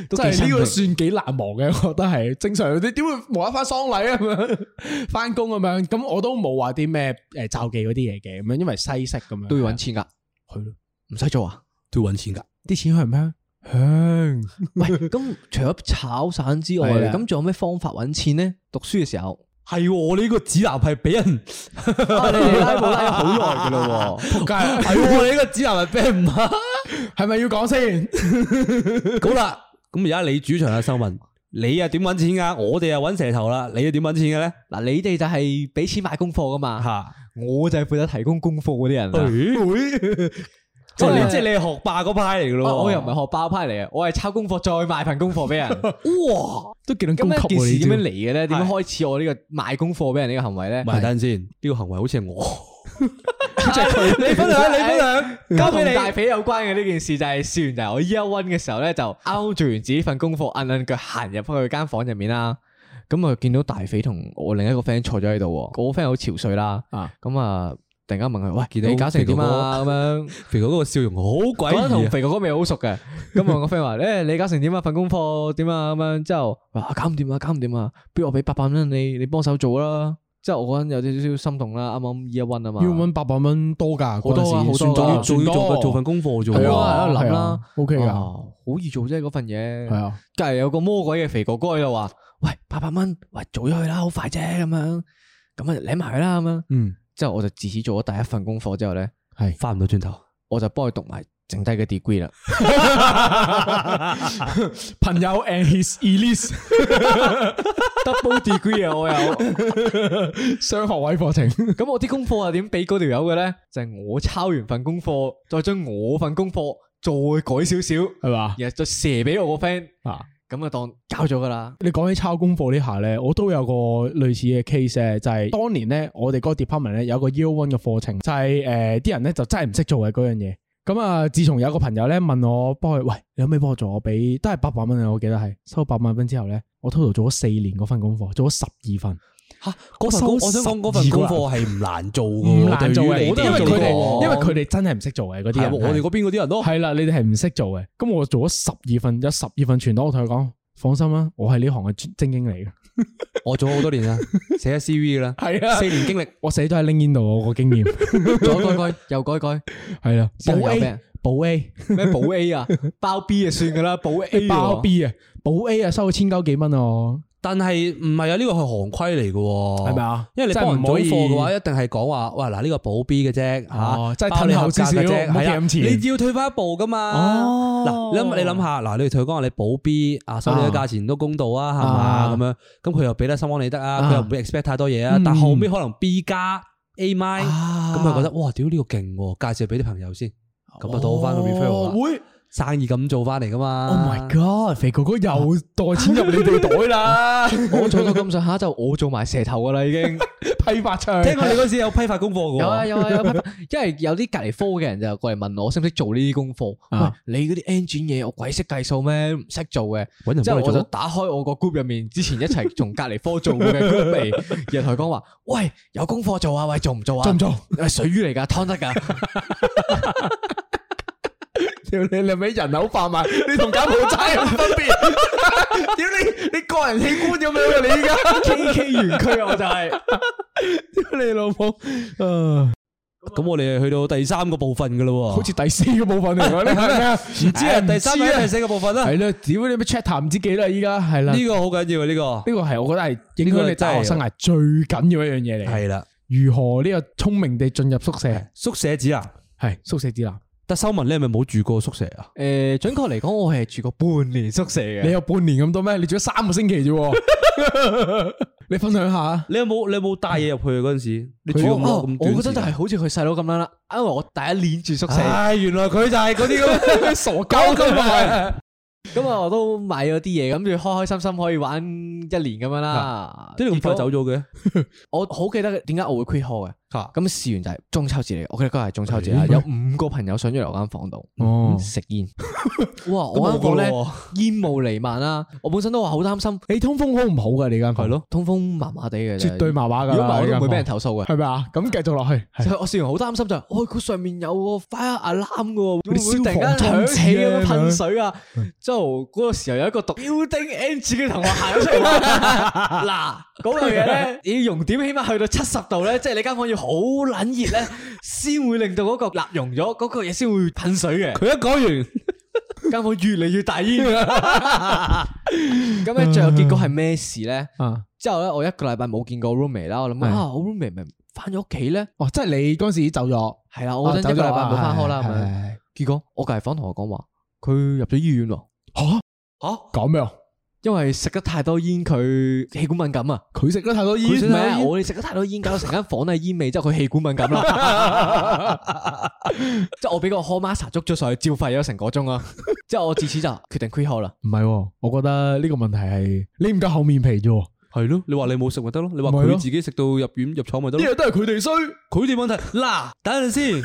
都真係呢個算幾難忘嘅，我覺得係正常啲，你點會冇一翻喪禮啊？咁樣翻工啊？咁樣咁我都冇話啲咩誒咒忌嗰啲嘢嘅，咁樣因為西式咁樣都要搵錢噶，係咯對，唔使做啊都要搵錢噶，啲錢係咩？香， [LAUGHS] 喂，咁除咗炒散之外，咁仲是的 有咩方法搵錢咧？讀書嘅時候。係我哋呢個指南係俾人拉好耐噶啦，仆街！係我哋呢個指南係俾人唔下，係 [LAUGHS] 咪要講先？ [LAUGHS] [LAUGHS] 好啦，咁而家你主場啊，秀文你啊點搵錢噶？我哋啊搵蛇頭啦，你又點搵錢嘅、啊、咧？嗱，你哋、啊、就係俾錢買功課噶嘛，吓、啊，我就係負責提供功課嗰啲人、啊 [LAUGHS] [LAUGHS] 即係你係學霸嗰派嚟噶咯？我又唔係學霸派嚟嘅。我係抄功課再賣份功課俾人。哇！都見到咁呢件事點樣嚟嘅咧？點樣開始我呢個賣功課俾人呢個行為咧？等先，呢個行為好似係我。感謝佢。你分享，你分享，交俾你大肥有關嘅呢件事就係，笑完就係我 year one 嘅時候咧，就啱啱做完自己份功課，揞揞腳行入翻去間房入面啦。咁啊，見到大肥同我另一個 friend 坐咗喺度，個 friend 好憔悴啦。啊，咁啊。突然間問佢，喂，傑仔，李嘉誠點啊？咁樣肥哥哥個笑容好鬼。嗰陣同肥哥哥未好熟嘅，咁問個 friend 話，咧李嘉誠點啊？份功課點啊？咁樣之後，哇，搞唔掂啊！搞唔掂啊！不如我俾八百蚊你，你幫手做啦。之後我嗰陣有少少心動啦，啱啱 year one 啊嘛。八百蚊多㗎，好多啊！好重做，要做份功課做。係啊，喺度諗啦。O K 噶，好易做啫嗰份嘢。係啊，隔日有個魔鬼嘅肥哥哥喺度話，喂，八百蚊，喂，做咗佢啦，好快啫。咁樣咁啊，舐埋佢啦。咁啊，嗯。之後我就自此做咗第一份功課之後咧，係翻唔到轉頭，我就幫佢讀埋剩低嘅 degree 啦。 [LAUGHS] [LAUGHS] 朋友 and his Elise，double [LAUGHS] [LAUGHS] degree 啊，我有雙 [LAUGHS] 學位課程。 [LAUGHS] 咁 [LAUGHS] 我啲功課係點俾嗰條友嘅咧？就係、是、我抄完份功課，再將我份功課再改少少係嘛，吧然後再射俾我個 friend 啊。咁就當搞咗噶啦！你講起抄功課呢下咧，我都有個類似嘅 case 誒，就係、是、當年咧，我哋嗰個 department 咧有個 year one 嘅課程，就係誒啲人咧就真係唔識做嘅嗰樣嘢。咁啊，自從有個朋友咧問我，幫佢，喂，你可唔可以幫我做？我俾都係八百蚊啊，我記得係收八百蚊之後咧，我 total 做咗四年嗰份功課，做咗十二份。吓嗰份工，我想講嗰份功課係唔難做噶，唔難做，我都做過。因為佢哋真係唔識做嘅嗰啲，我哋嗰邊嗰啲人咯。係啦，你哋係唔識做嘅。咁我做咗十二份，有十二份全攞。我同佢講，放心啦，我係呢行嘅精英嚟嘅。我做咗好多年啦，寫咗 CV 啦，係四年經歷，我寫咗喺 LinkedIn 度我個經驗，左改改右改改，係啦。保 A，保 A 咩？保 A 啊，包 B 啊算噶啦，保 A 包 B 啊，保 A 啊，收咗千九幾蚊呀。但係唔係啊？呢個係行規嚟嘅，係咪啊？因為你真幫唔到貨嘅話，一定係講話，哇嗱，呢個保 B 嘅啫，吓，即係透你後價嘅啫，係啊，你要退翻一步噶嘛。嗱，你諗你諗下，嗱，你退講話你保 B 啊，收你啲價錢都公道啊，係嘛咁樣，咁佢又俾得心安理得啊，佢又唔會 expect 太多嘢啊。但後尾可能 B 加 A 麥，咁啊覺得哇，屌呢個勁，介紹俾啲朋友先，咁啊倒翻佢俾少啲。生意咁做翻嚟噶嘛？Oh my god！肥哥哥又袋錢入你哋袋啦！ [LAUGHS] [LAUGHS] 我做到咁上下就我做埋蛇頭噶啦，已經 [LAUGHS] 批發場。聽講你嗰時有批發功課噶、 [LAUGHS] 啊？有啊有啊有。因為有啲隔籬科嘅人就過嚟問我識唔識做呢啲功課、啊？你嗰啲 engine 嘢，我鬼識計數咩？唔識做嘅。之後我就打開我個 group 入面，之前一齊從隔籬科做嘅 group 嚟， [LAUGHS] 然後同佢講話：喂，有功課做啊？喂，做唔做啊？做唔做？水魚嚟噶，湯得噶。你你咪人口販賣，你同柬埔寨有分別？屌你 [LAUGHS] [LAUGHS] 你個人器官咁樣嘅，你而家 K K 園區我就係 [LAUGHS] 你老母，嗯，咁、啊、我哋去到第三個部分噶咯，好似第四個部分嚟嘅，唔知係第三定係四個部分啦。係咯、啊，屌你咩 chat 談唔知幾多依家、啊，係啦，呢個好緊要呢、啊這個，呢個係我覺得係影響你大學生涯最緊要一樣嘢嚟，係啦，如何呢個聰明地進入宿舍？宿舍指南，係宿舍指南。修文，你係咪冇住過宿舍啊？誒，準確嚟講，我係住過半年宿舍嘅。你有半年咁多咩？你住咗三個星期啫。你分享下你有冇你有冇帶嘢入去嗰陣時？你住咁我我覺得就係好似佢細佬咁樣啦。因為我第一年住宿舍，原來佢就係嗰啲傻鳩咁啊！咁啊，我都買咗啲嘢，諗住開開心心可以玩一年咁樣啦。點解咁快走咗嘅？我好記得點解我會 quit hall 嘅。咁試完就係中秋節嚟，我記得嗰日係中秋節啦。有五個朋友上咗我間房度食煙，哇！我間房咧煙霧彌漫啦。我本身都話好擔心，你通風好唔好噶？你間佢咯？通風麻麻地嘅，絕對麻麻噶。如果唔係我都唔會俾人投訴嘅。係咪啊？咁繼續落去，我試完好擔心就係，哦，佢上面有個 fire alarm 嘅，會唔會突然間響起啊？噴水啊？之後嗰個時候有一個毒，要 n g 嘅同我喊出嚟嗱。嗰類嘢咧，要熔點起碼去到七十度咧， [LAUGHS] 即係你間房間要好撚熱咧，先會令到嗰個蠟熔咗，嗰、嗰個嘢先會噴水嘅。佢一講完，間 [LAUGHS] 房間越嚟越大煙。咁咧最後結果係咩事咧？啊、之後咧，我一個禮拜冇見過 roommate 啦，我諗啊，roommate 咪翻咗屋企咧？哦，即係你嗰陣時走咗，係啦、 [LAUGHS] 啊，我覺得一個禮拜冇翻開啦。係、啊，結果我隔籬房同我講話，佢入咗醫院喎。吓吓，搞咩啊？啊啊因為食得太多煙，佢氣管敏感啊！佢食得太、啊、多煙，我哋食得太多煙，搞到成間房都係煙味，之後佢氣管敏感啦。簡 Int rum [LAUGHS] [LAUGHS] 即係我畀個 hall master 捉咗上去，照肺咗成個鐘啊！之後 [LAUGHS] 我自此就決定 quit hall 啦。唔係喎，我覺得呢個問題係 [LAUGHS] 你唔夠厚面皮啫、喎。係咯，你話你冇食咪得咯，你話佢自己食到入院入廠咪得咯？啲嘢的都係佢哋衰，佢哋問題。嗱，等陣先、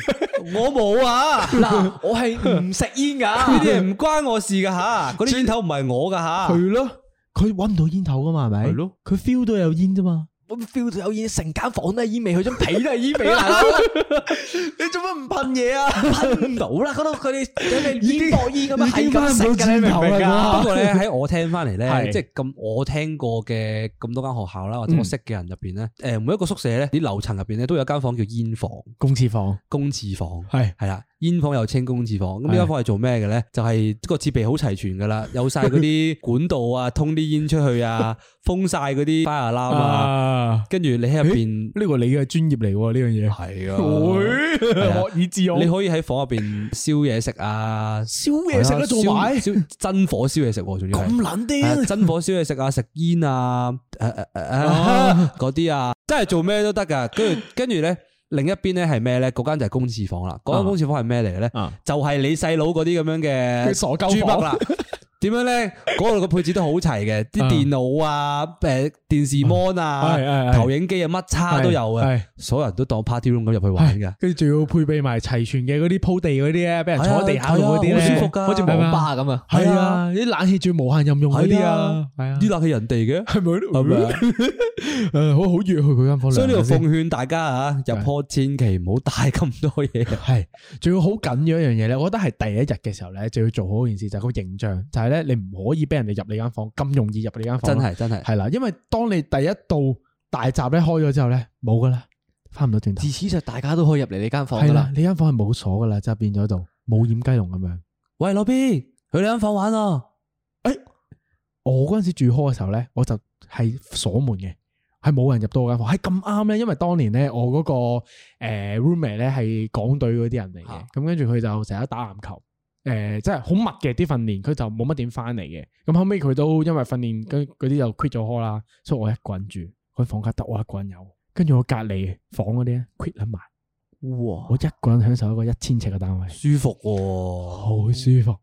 [LAUGHS] 啊，我冇啊，嗱，我係唔食煙噶，佢哋唔關我事噶吓，嗰啲煙頭唔係我噶吓。係咯，佢搵唔到煙頭噶嘛，係咪？係咯的，佢 feel 到有煙啫嘛。我 feel 到有煙，成間房都係煙味，佢張被都係煙味嚟。 [LAUGHS] [LAUGHS] 你做乜唔噴嘢啊？噴唔到啦，嗰度佢哋佢哋煙房煙咁啊？已經唔會聽明啦。 [LAUGHS] 不過咧喺我聽翻嚟咧， [LAUGHS] 即係咁我聽過嘅咁多間學校啦，或者我識嘅人入邊咧，誒，嗯、每一個宿舍咧啲樓層入邊咧都有間房叫煙房，公廁房，公廁房係係啦。的的煙房又稱公廁房，咁呢間房係做咩嘅咧？就係個設備好齊全噶啦，有晒嗰啲管道啊，通啲煙出去啊，封晒嗰啲 fire 啊，跟住你喺入邊，呢個你嘅專業嚟呢樣嘢，係啊，學以致用，你可以喺房入邊燒嘢食啊，燒嘢食都做埋，燒真火燒嘢食，仲要咁撚癲，真火燒嘢食啊，食煙啊，嗰啲啊，真係做咩都得噶，跟住跟住咧。另一邊咧係咩咧？嗰間就係公廁房啦。嗰間公廁房係咩嚟嘅咧？嗯、就係你細佬嗰啲咁樣嘅傻鳩房啦。點樣咧？嗰度個配置都好齊嘅，啲電腦啊、誒電視 mon 啊、投影機啊，乜叉都有啊。所有人都當 party room 咁入去玩嘅，跟住仲要配備埋齊全嘅嗰啲鋪地嗰啲啊，俾人坐喺地下度嗰啲啊，好舒服噶，好似網吧咁啊。係啊，啲冷氣仲要無限任用嗰啲啊，啲冷氣人哋嘅係咪？誒，好好熱去佢間房，所以呢度奉勸大家吓，入 Hall 千祈唔好帶咁多嘢。係，仲要好緊要一樣嘢咧，我覺得係第一日嘅時候咧，就要做好一件事，就係個形象，就係。你唔可以俾人哋入你間房咁容易入你間房間真。真係真係，係啦，因為當你第一度大閘咧開咗之後咧，冇噶啦，翻唔到正自此就大家都可以入嚟你間房噶啦。你間房係冇鎖噶啦，就變咗度冇掩雞籠咁樣。喂，老 B，去你間房間玩囉！誒、欸，我嗰陣時住開嘅時候咧，我就係鎖門嘅，係冇人入到我間房間。係咁啱咧，因為當年咧、那個，我嗰個誒 roommate 咧係港隊嗰啲人嚟嘅，咁跟住佢就成日打籃球。誒、呃，真係好密嘅啲訓練，佢就冇乜點翻嚟嘅。咁後尾，佢都因為訓練嗰啲就 quit 咗 Hall 啦，所以我一個人住，佢房間得我一個人有。跟住我隔籬房嗰啲咧 quit 咗埋，哇！我一個人享受一個一千尺嘅單位，舒服喎，哦，好舒服，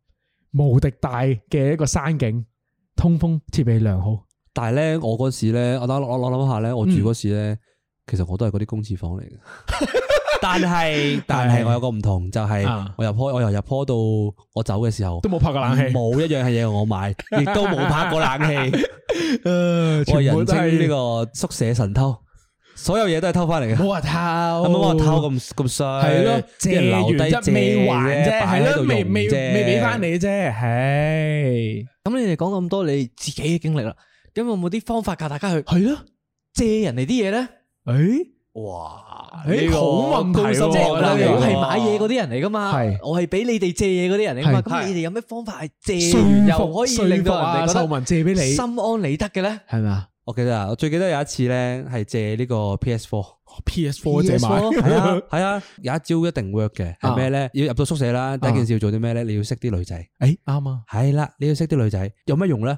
無敵大嘅一個山景，通風設備良好。但係咧，我嗰時咧，我諗我我諗下咧，我住嗰時咧。嗯其實我都係嗰啲公廁房嚟嘅，但係但係我有個唔同就係我入 Hall，我由入 Hall 到我走嘅時候，都冇拍過冷氣，冇一樣嘅嘢我買，亦都冇拍過冷氣。誒，人稱呢個宿舍神偷，所有嘢都係偷翻嚟嘅。我偷，有冇我偷咁咁衰？係咯，借人留低啫，未還啫，係咯，未未未俾翻你啫。唉，咁你哋講咁多你自己嘅經歷啦，咁有冇啲方法教大家去？係咯，借人哋啲嘢咧。誒，哇！你好用心啫，我係買嘢嗰啲人嚟噶嘛，我係俾你哋借嘢嗰啲人嚟噶嘛。咁你哋有咩方法係借完又可以令到人哋覺得秀文借俾你心安理得嘅咧？係咪啊？我記得啊，我最記得有一次咧，係借呢個 PS4，PS4 借買係啊，係啊，有一招一定 work 嘅係咩咧？要入到宿舍啦，第一件事要做啲咩咧？你要識啲女仔，誒，啱啊，係啦，你要識啲女仔，有咩用咧？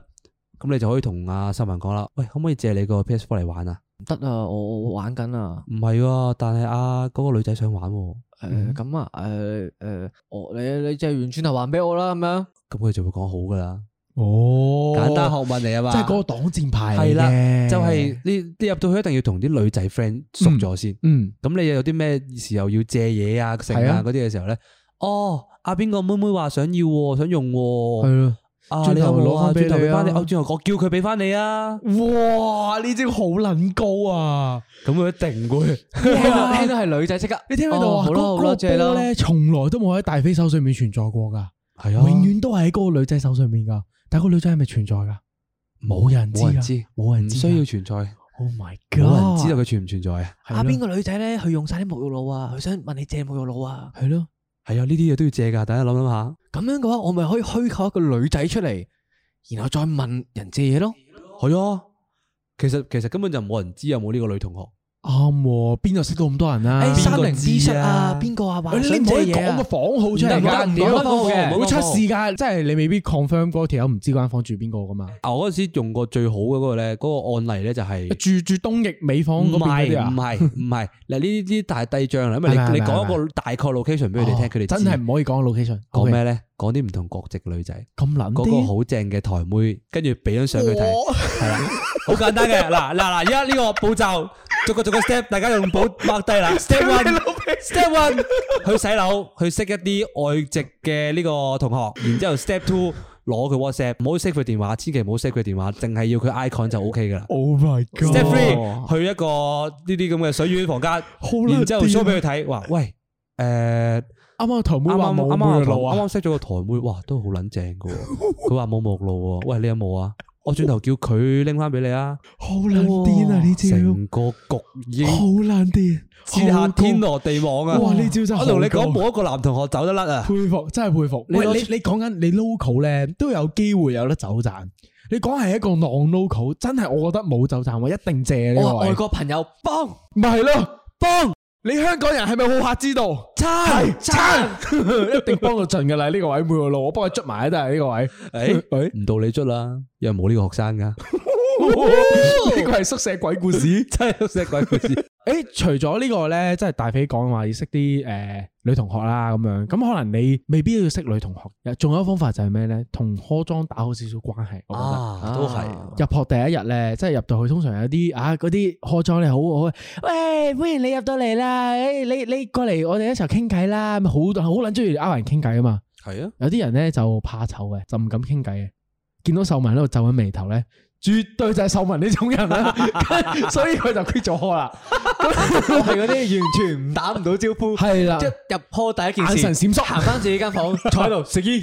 咁你就可以同阿秀文講啦，喂，可唔可以借你個 PS4 嚟玩啊？唔得啊！我我玩緊啊！唔係、啊，但係啊，嗰、嗰個女仔想玩。誒，咁啊，誒誒，我你你即係完全係還俾我啦，咁樣。咁佢就會講好噶啦。哦，簡單學問嚟啊嘛，即係嗰個擋箭牌嚟嘅、啊。就係、係、你你入到去，一定要同啲女仔 friend 熟咗先，嗯。嗯。咁你又有啲咩時候要借嘢啊、剩啊嗰啲嘅時候咧？哦，阿、啊、邊個妹妹話想要，想用、啊。係咯、啊。啊！你又冇攞翻俾你啊！我最後我叫佢俾翻你啊！哇！呢招好撚高啊！咁佢一定會。聽到係女仔識噶。哦、你聽唔聽到啊？嗰個歌咧，從來都冇喺大飛手上面存在過噶。係啊，永遠都係喺嗰個女仔手上面噶。但係個女仔係咪存在噶？冇人知。冇人知。冇人知。需要存在。Oh my god！冇人知道佢存唔存在啊！啊！邊個女仔咧去用晒啲沐浴露啊？佢想問你借沐浴露啊？係咯。係啊，呢啲嘢都要借噶，大家諗諗下。咁樣嘅話，我咪可以虛構一個女仔出嚟，然後再問人借嘢咯。係啊，其實其實根本就冇人知有冇呢個女同學。啱喎，邊度識到咁多人啊？三明治室啊，邊個啊？或你唔可以講個房號出嚟，唔得。唔好出事㗎。即係你未必 confirm 嗰條友唔知間房住邊個噶嘛。啊！嗰陣時用過最好嘅個咧，嗰個案例咧就係住住東翼美房㗎嘛。啲啊。唔係唔係，嗱呢啲大太低張啦。咁啊，你講一個大概 location 俾佢哋聽，佢哋真係唔可以講 location。講咩咧？講啲唔同國籍女仔，咁難啲，嗰個好正嘅台妹，跟住俾咗相佢睇，係啦，好簡單嘅。嗱嗱嗱，依家呢個步驟，逐個逐個 step，大家用簿 mark 低啦。Step one，Step one，去洗樓，去識一啲外籍嘅呢個同學，然之後 step two，攞佢 WhatsApp，唔好識佢電話，千祈唔好識佢電話，淨係要佢 icon 就 OK 噶啦。Oh my god！Step three，去一個呢啲咁嘅水院房間，然之後 show 俾佢睇，話喂，誒。啱啱台妹，啱啱識咗個台妹，哇，都好撚正嘅。佢話冇目路，喂，你有冇啊？我轉頭叫佢拎翻俾你啊。好撚癲啊！呢招成個局型，好撚癲，設下天羅地網啊！哇，呢招真係我同你講，冇一個男同學走得甩啊！佩服，真係佩服。喂，你你講緊你 local 咧，都有機會有得走盞。你講係一個 non local，真係我覺得冇走盞，我一定借你！外國朋友幫，咪係咯幫。你香港人係咪好客之道？差對對差， [LAUGHS] 一定幫到盡噶啦呢 [LAUGHS] 個位每個路，我幫佢捽埋都係呢個位。誒誒、欸，唔到你捽啦，因為冇呢個學生噶。 [LAUGHS] 呢個係宿舍鬼故事， [LAUGHS] 真係宿舍鬼故事。誒、 [LAUGHS] 欸，除咗呢、這個咧，即係大肥講話要識啲誒、呃、女同學啦，咁樣咁可能你未必要識女同學。仲有一個方法就係咩咧？同科莊打好少少關係。啊、我覺得，都係入學第一日咧，即係入到去，通常有啲啊，嗰啲科莊咧，好好喂歡迎你入到嚟啦，誒，你你過嚟，我哋一齊傾偈啦。好多好捻中意勾人傾偈噶嘛。係啊，有啲人咧就怕醜嘅，就唔敢傾偈嘅。見到秀文喺度皺緊眉頭咧。絕對就係秀文呢種人啦， [LAUGHS] 所以佢就 quit 咗啦。咁係嗰啲完全唔打唔到招呼。係啦 [LAUGHS] 的，一入鋪第一件事，眼神閃爍，行 [LAUGHS] 翻自己間房間坐喺度食煙。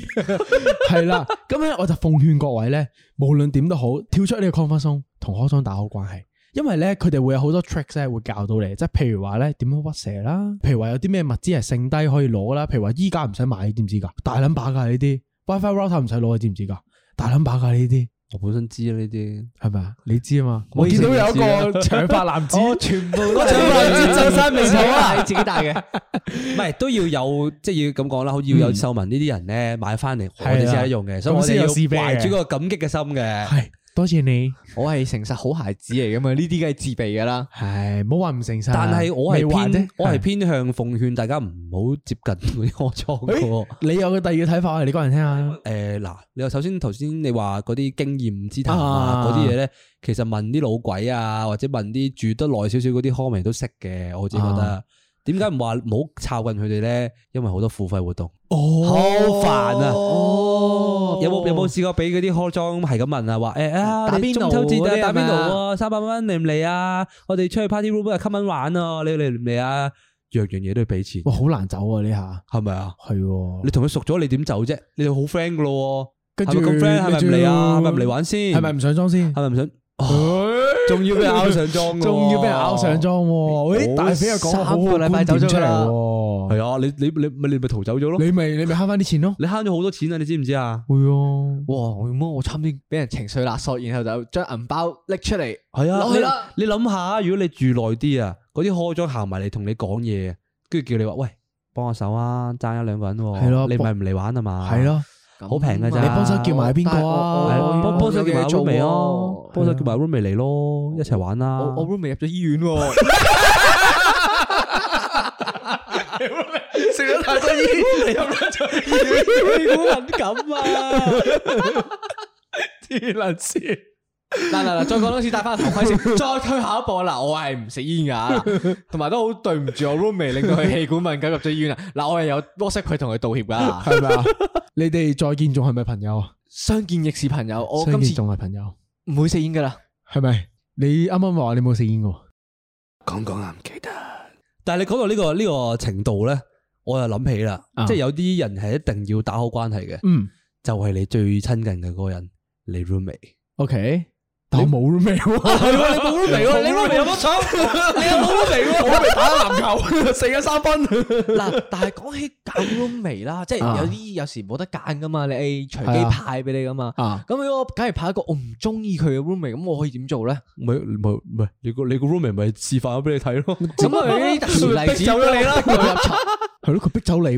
係 [LAUGHS] 啦， [LAUGHS] 咁咧我就奉勸各位咧，無論點都好，跳出呢個 conference 同開倉打好關係，因為咧佢哋會有好多 tricks 係會教到你，即係譬如話咧點樣屈蛇啦，譬如話有啲咩物資係剩低可以攞啦，譬如話依家唔使買，你知唔知噶？大捻把噶呢啲，WiFi router 唔使攞，你知唔知噶？大捻把噶呢啲。我本身知啊，呢啲係咪啊？你知啊嘛？我，已我見到有一個長髮男、哦、 [LAUGHS] 男子，全部長髮男子走山未走啊！自己帶嘅，唔係都要有，即係要咁講啦，好似要有秀文呢啲人咧買翻嚟，嗯、我哋先用嘅，的所以我哋要懷住個感激嘅心嘅。多謝你，我係誠實好孩子嚟噶嘛？呢啲梗係自備噶啦，係唔好話唔誠實。但係我係偏，我係偏向奉勸大家唔好接近啲惡作劇。是 [LAUGHS] 你有個第二個睇法，你講嚟聽下。誒、 [LAUGHS] 呃，嗱，你話首先頭先你話嗰啲經驗之談啊，啊，嗰啲嘢咧，其實問啲老鬼啊，或者問啲住得耐少少嗰啲康明都識嘅，我自己覺得。啊點解唔話唔好抄近佢哋咧？因為好多付費活動，哦，好煩啊！哦，有冇有冇試過俾嗰啲開莊係咁問啊？話誒啊，打邊度？中秋節啊，打邊度三百蚊嚟唔嚟啊？我哋出去 party room 啊 come in 玩啊，你嚟唔嚟啊？樣樣嘢都要俾錢，哇，好難走啊！呢下係咪啊？係，你同佢熟咗，你點走啫？你哋好 friend 噶咯？跟住係咪咁 friend？係咪唔嚟啊？係咪唔嚟玩先？係咪唔上莊先？係咪唔想？仲要俾人拗上莊，仲要俾人拗上莊喎！喂，大飛又講，三個禮拜走唔出嚟喎。係啊，你你你，咪你咪逃走咗咯？你咪你咪慳翻啲錢咯？你慳咗好多錢啊！你知唔知啊？會啊！哇！我乜？我差啲俾人情緒勒索，然後就將銀包拎出嚟。係啊，你諗下，如果你住耐啲啊，嗰啲開咗行埋嚟同你講嘢，跟住叫你話喂，幫下手啊，爭一兩個人喎。係咯，你咪唔嚟玩啊嘛。係咯。好平嘅啫，你幫手叫埋邊個啊？幫手、啊哦、叫埋 roommate、er，咯、啊，幫、哦、手叫埋 roommate 嚟咯，一齊玩啦！我 roommate、er、入咗醫院喎， [LAUGHS] [LAUGHS] 食咗抗生素嚟咗入咗醫院，好敏感啊！天難事。嗱嗱嗱，再講多次，戴翻頭盔先。再退下一步嗱，我係唔食煙噶，同埋都好對唔住我 roommate 令到佢氣管敏感入咗醫院啊！嗱，我係有 voice 佢同佢道歉噶，係咪啊？ [LAUGHS] 係咪你哋再見仲係咪朋友啊？相見亦是朋友，我今次仲係朋友，唔會食煙噶啦，係咪？你啱啱話你冇食煙噶，講講啊，唔記得。但係你講到呢、呢個呢、呢個程度咧，我又諗起啦，嗯、即係有啲人係一定要打好關係嘅，嗯，就係你最親近嘅嗰個人，你 roommate，OK？o 打冇 roommate 喎，係喎，你冇 roommate？、Er room er、你冇 roommate、er room er、有乜錯？你有冇 roommate 喎？打籃球，四啊三分。嗱，但係講起揀 roommate、er, 啦，即係有啲有時冇得揀噶嘛，你隨機派俾你噶嘛。咁、啊啊、如果假如派一個我唔中意佢嘅 roommate，、er, 咁我可以點做咧？唔係唔係你個、er、你個 roommate 咪示範咗俾你睇咯。咁啊、 [LAUGHS] 嗯，例子就咗你啦，入巢係咯，佢逼走你，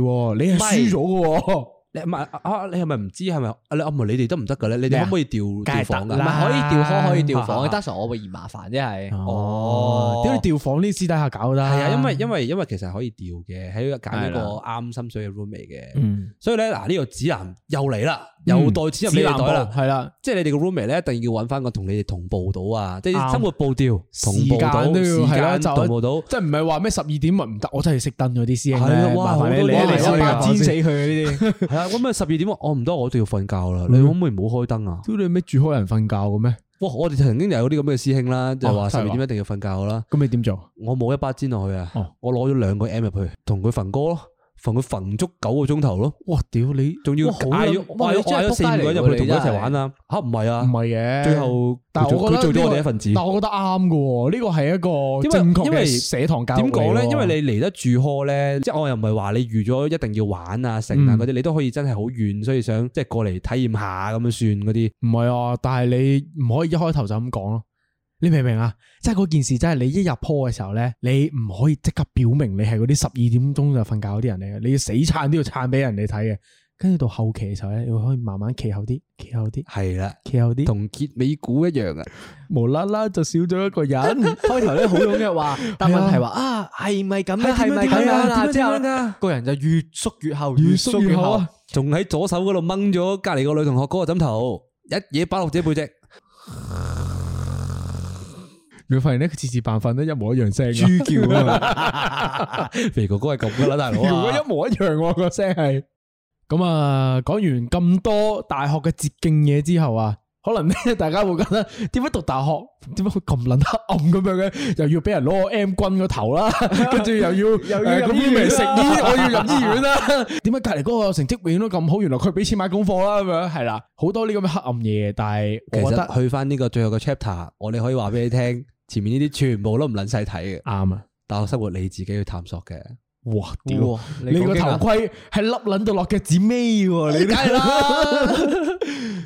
你係輸咗喎。你唔係啊？你係咪唔知係咪？啊唔係你哋得唔得嘅咧？你哋可唔可以調麼房嘅？唔係可以調，可以調房可以調房。當然、啊啊、我會嫌麻煩，即係哦。點解調房呢？私底下搞得係啊？因為因為因為其實可以調嘅，喺揀一個啱心水嘅 room 嚟嘅。的所以咧嗱，呢、啊這個指南又嚟啦。有待注入你袋啦，係啦，即係你哋嘅 roommate 咧，一定要揾翻個同你哋同步到啊，即係生活步調同步到，時間同步到，即係唔係話咩十二點唔得，我真係熄燈咗啲師兄咧。哇，我都你一巴煎死佢呢啲。係啊，咁啊十二點，我唔得，我一定要瞓覺啦。你可唔可以唔好開燈啊？屌你咪住開人瞓覺嘅咩？哇，我哋曾經又有啲咁嘅師兄啦，就話十二點一定要瞓覺啦。咁你點做？我冇一巴煎落去啊！我攞咗兩個 m 入去，同佢瞓歌咯。逢佢逢足九個鐘頭咯，哇！屌你，仲要好嗌要，哇！真係同佢一齊，玩啊，吓唔係啊，唔係嘅，最後但係佢做咗我哋一份子，但我覺得啱嘅，呢個係一個正確社堂教點講咧？因為你嚟得住科咧，即係我又唔係話你預咗一定要玩啊、食啊嗰啲，你都可以真係好遠，所以想即係過嚟體驗下咁樣算嗰啲。唔係啊，但係你唔可以一開頭就咁講咯。你明唔明啊？即係嗰件事，即係你一入坡嘅時候咧，你唔可以即刻表明你係嗰啲十二點鐘就瞓覺嗰啲人嚟嘅，你要死撐都要撐俾人哋睇嘅。跟住到後期嘅時候咧，你可以慢慢企後啲，企後啲，係啦，企後啲，同結尾股一樣嘅，無啦啦就少咗一個人。開頭咧好勇嘅話，但係問題話啊，係咪咁？係咪咁啊？之後個人就越縮越後，越縮越後，仲喺左手嗰度掹咗隔籬個女同學嗰個枕頭，一嘢包落自己背脊。你會發現咧，佢次次扮瞓咧一模一樣聲、啊，豬叫啊！肥哥哥係咁噶啦，大佬。如果一模一樣個聲係咁啊！講、啊、完咁多大學嘅捷徑嘢之後啊，可能咧大家會覺得點解讀大學點解會咁捻黑暗咁樣嘅？又要俾人攞個 M 君個頭啦、啊，跟住 [LAUGHS] 又要 [LAUGHS] 又要咁、啊 [LAUGHS] 啊、樣食醫，我要入醫院啦、啊。點解隔籬嗰個成績永遠都咁好？原來佢俾錢買功課啦、啊，咁樣係啦，好多呢咁嘅黑暗嘢。但係其實 [LAUGHS] 去翻呢個最後嘅 chapter，我哋可以話俾你聽。前面呢啲全部都唔卵細睇嘅，啱啊！大學生活你自己去探索嘅。哇噢，屌噢！你個頭盔係笠卵到落腳趾尾、哦，的你梗係啦。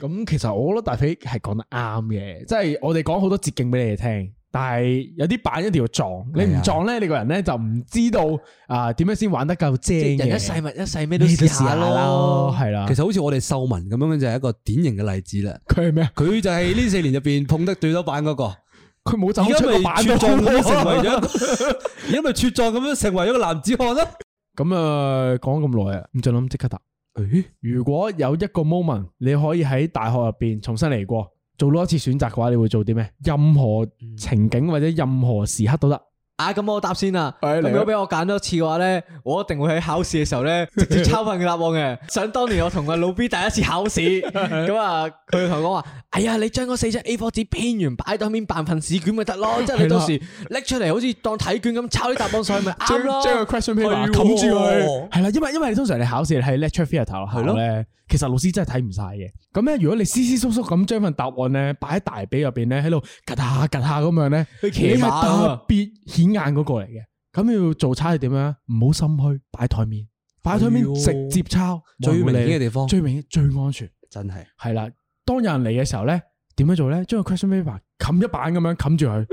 咁 [LAUGHS] 其實我覺得大飛係講得啱嘅，即、就、係、是、我哋講好多捷徑俾你哋聽，但係有啲板一定要撞，的你唔撞咧，你個人咧就唔知道啊點樣先玩得夠正。人一世物一世，咩都試下咯，係啦、哦。其實好似我哋秀文咁樣，就係、是、一個典型嘅例子啦。佢係咩啊？佢就係呢四年入邊碰得最多板嗰、那個。 [LAUGHS] 佢冇走出嚟，因為茁壯咁樣成為咗，因為茁壯咁樣成為咗個男子漢啦。咁啊，講咁耐啊，唔準諗，即刻答。誒，如果有一個 moment，你可以喺大學入邊重新嚟過，做多一次選擇嘅話，你會做啲咩？任何情景或者任何時刻都得。啊，咁我答先啦。如果俾我揀多次嘅話咧，我一定會喺考試嘅時候咧直接抄份答案嘅。想當年我同阿老 B 第一次考試，咁啊，佢同我講話，哎呀，你將嗰四張 A4 紙編完擺到面，扮份試卷咪得咯。即係你到時拎出嚟，好似當體卷咁抄啲答案上去咪啱咯。將將個 question paper 冚住佢，係啦，因為因為通常你考試係 lecture theatre 落去咧。其實老師真係睇唔晒嘅，咁咧，如果你斯斯嗦嗦咁將份答案咧擺喺大髀入邊咧，喺度 𥄫 下 𥄫 下咁樣咧，你係、啊、特別顯眼嗰、嗰個嚟嘅。咁要做差係點樣？唔好心虛，擺台面，擺台面直接抄、哎、喲最明顯嘅地方，最明顯最安全。真係係啦，當有人嚟嘅時候咧，點樣做咧？將個 question paper 冚一板咁樣冚住佢，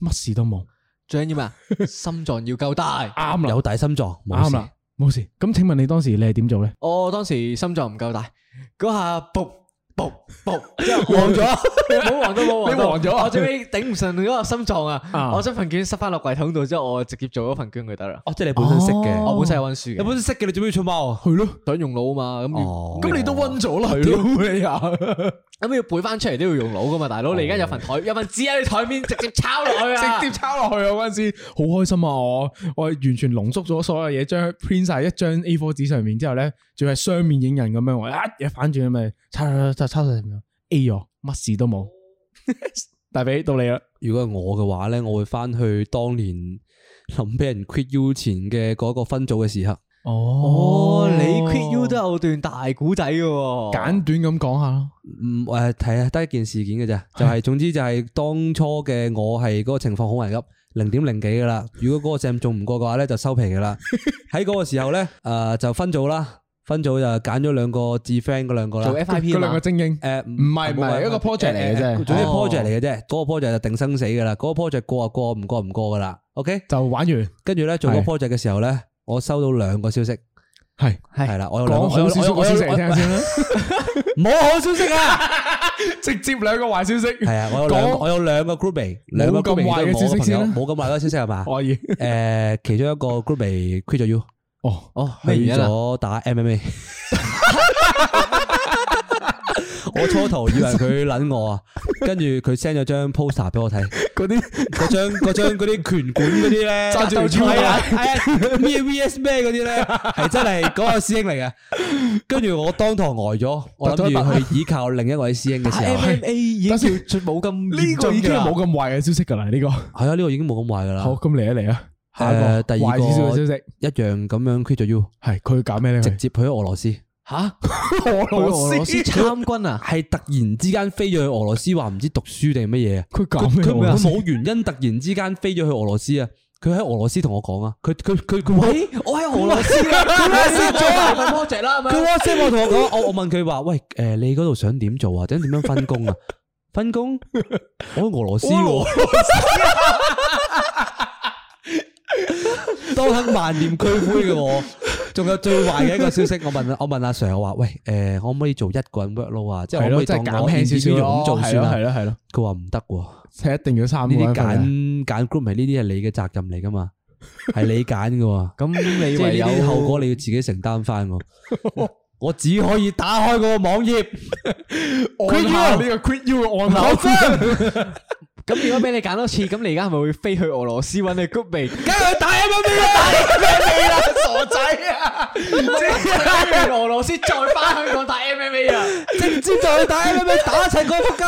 乜 [LAUGHS] 事都冇。最緊要咩？心臟要夠大，啱啦， [LAUGHS] [LAUGHS] 有底心臟，啱啦。冇事，咁請問你當時你係點做咧？我當時心臟唔夠大，嗰下，boom boom boom 即係黃咗，唔好黃咗，唔好你黃咗，我最尾頂唔順嗰個心臟啊！我將份卷塞翻落櫃桶度之後，我直接做咗份卷佢得啦。哦，即係你本身識嘅，我本身係溫書嘅，你本身識嘅，你做咩要出貓啊？去咯，等用腦啊嘛，咁，咁你都溫咗啦，屌你啊！咁要背翻出嚟都要用腦噶嘛，大佬。你而家有份台有份紙喺你台面直接抄落去啊！直接抄落去啊！嗰陣時好開心啊！我我完全濃縮咗所有嘢，將 print 晒一張 A4 紙上面之後咧，仲係雙面影人咁樣，我一嘢反轉咪抄抄抄咁晒 A 咗，乜事都冇。大髀到你啦！如果係我嘅話咧，我會翻去當年諗俾人 quit you 前嘅嗰個分組嘅時刻。哦，哦你 quit you 都有段大古仔嘅，簡短咁講下咯。唔誒、嗯，係、呃、啊，得一件事件嘅啫，就係、是、總之就係當初嘅我係嗰個情況好危急，零點零幾噶啦。如果嗰個 sam 仲唔過嘅話咧，就收皮噶啦。喺嗰個時候咧，誒、呃、就分組啦，分組就揀咗兩個至 friend 嗰兩個啦，fip 嗰兩個精英。誒唔係唔係一個 project 嚟嘅啫、uh，總之 project 嚟嘅啫。嗰、那個 project 就定生死噶啦，嗰、那個 project 過，過就過，唔過唔過噶啦。OK，就玩完，跟住咧做嗰個 project 嘅時候咧。我收到兩個消息，係係啦，我有兩，我我我我你聽下先啦，冇好消息啊，直接兩個壞消息，係啊，我有兩，我有兩個 groupie 兩個 groupie 都壞嘅消息，冇咁壞嘅消息係嘛，可以，誒，其中一個 groupie quit 咗 U，哦，我去咗打 MMA。我初頭以為佢諗我啊，跟住佢 send 咗張 poster 俾我睇，嗰啲張張啲拳館嗰啲咧，揸住對菜啊，係啊，V V S 咩嗰啲咧，係真係嗰個師兄嚟嘅。跟住我當堂呆咗，我諗住去依靠另一位師兄嘅時候 MMA 已經冇咁呢個已經冇咁壞嘅消息噶啦，呢個係啊，呢個已經冇咁壞噶啦。好，咁嚟一嚟啊，誒，第二個壞少少嘅消息，一樣咁樣。quit 咗 U 係佢搞咩咧？直接去咗俄羅斯。吓，俄俄羅斯參軍啊，係突然之間飛咗去俄羅斯，話唔知讀書定乜嘢啊？佢佢佢冇原因突然之間飛咗去俄羅斯啊？佢喺俄羅斯同我講啊，佢佢佢佢，我喺俄羅斯，佢咩先做 project 啦？佢 project 我同我講，我我問佢話，喂，誒，你嗰度想點做啊？點樣點樣分工啊？分工我喺俄羅斯。 [LAUGHS] 都肯萬念俱灰嘅我、哦，仲有最壞嘅一個消息，我問阿我，我問阿 Sir 話，喂，誒、呃，可唔可以做一個人 work 咯啊？即係可唔可以減輕少少咁做算啦？係咯係咯佢話唔得喎，係一定要三。呢啲揀揀 group 係呢啲係你嘅責任嚟噶嘛，係你揀嘅、啊，咁 [LAUGHS] 你唯有後果你要自己承擔翻、啊。 [LAUGHS] 我只可以打開嗰個網頁，quit you quit you，咁如果俾你揀多次，咁你而家係咪會飛去俄羅斯揾你 Goodby？梗係去打 MMA 啦，傻仔啊！直接去俄羅斯再翻去嗰打 MMA 啊！直接再去打 MMA，打一齊過福家，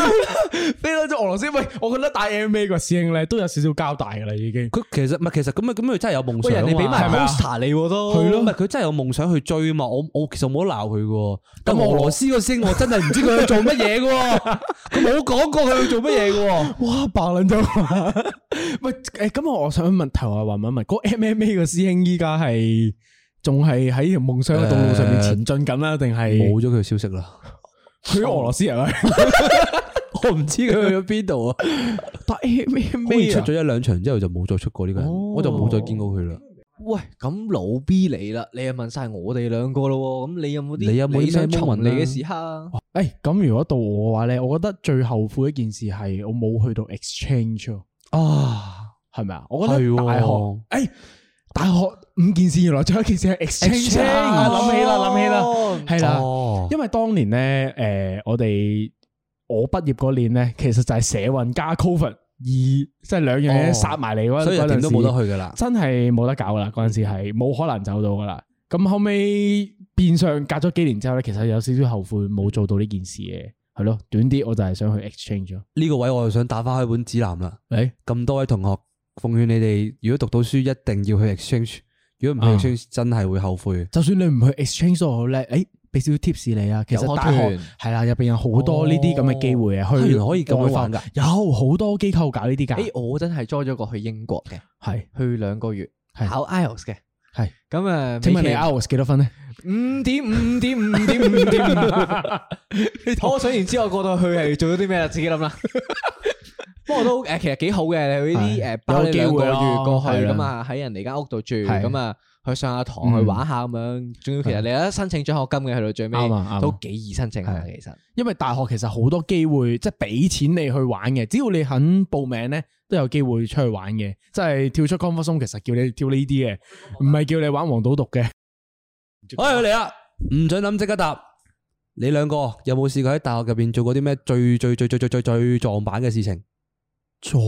飛到咗俄羅斯。喂，我覺得打 MMA 個師兄咧都有少少交代噶啦，已經。佢其實唔係，其實咁啊，咁佢真係有夢想啊，係咪啊？佢真係有夢想去追啊嘛！我我其實冇得鬧佢噶。咁俄羅斯個師兄我真係唔知佢去做乜嘢噶，佢冇講過佢做乜嘢噶。哇！爆卵咗！喂，誒，今日我想問頭我問問問，嗰個 MMA 個師兄依家係仲係喺條夢想嘅道路上面前進緊啦，定係冇咗佢消息啦？去俄羅斯人咪？ [LAUGHS] [LAUGHS] 我唔知佢去咗邊度。 [LAUGHS] 啊。但 MMA 出咗一兩場之後就冇再出過呢個人，哦、我就冇再見過佢啦。喂，咁老 B 嚟啦，你又問晒我哋兩個咯，咁你有冇啲？你有冇啲想出問你嘅時刻啊？誒、哎，咁如果到我嘅話咧，我覺得最後悔一件事係我冇去到 exchange 啊，係咪啊？我覺得大學誒、哦哎，大學五件事，原來最後一件事係 exchange、啊。諗起啦，諗起啦，係、哦、啦，因為當年咧，誒、呃，我哋我畢業嗰年咧，其實就係社運加 COVID 二即係兩樣嘢，殺埋嚟，所以嗰陣都冇得去噶啦，真係冇得搞噶啦，嗰陣時係冇可能走到噶啦。咁後尾變相隔咗幾年之後咧，其實有少少後悔冇做到呢件事嘅，係咯，短啲我就係想去 exchange 咯。呢個位我又想打翻開一本指南啦。誒、欸，咁多位同學，奉勸你哋，如果讀到書一定要去 exchange，如果唔去 exchange，啊，真係會後悔。就算你唔去 exchange 都好叻，誒、欸。俾少少 tips 你啊，其實大學係啦，入邊有好多呢啲咁嘅機會啊，去然可以咁樣分噶，有好多機構搞呢啲噶。誒，我真係 join 咗個去英國嘅，係去兩個月，考 IELTS 嘅，係咁啊。請問你 IELTS 幾多分咧？五點五點五點五點。我想然之後過到去係做咗啲咩？自己諗啦。不過都誒，其實幾好嘅，你去啲誒，有機會兩個月過去咁啊，喺人哋間屋度住咁啊。去上下堂去玩下咁樣，仲要其實你一申請獎學金嘅，去到最尾都幾易申請其實。因為大學其實好多機會，即係俾錢你去玩嘅，只要你肯報名咧，都有機會出去玩嘅。即係跳出 conform，其實叫你跳呢啲嘅，唔係叫你玩黃賭毒嘅。好，嚟啦，唔准諗，即刻答。你兩個有冇試過喺大學入邊做過啲咩最最最最最最撞板嘅事情？撞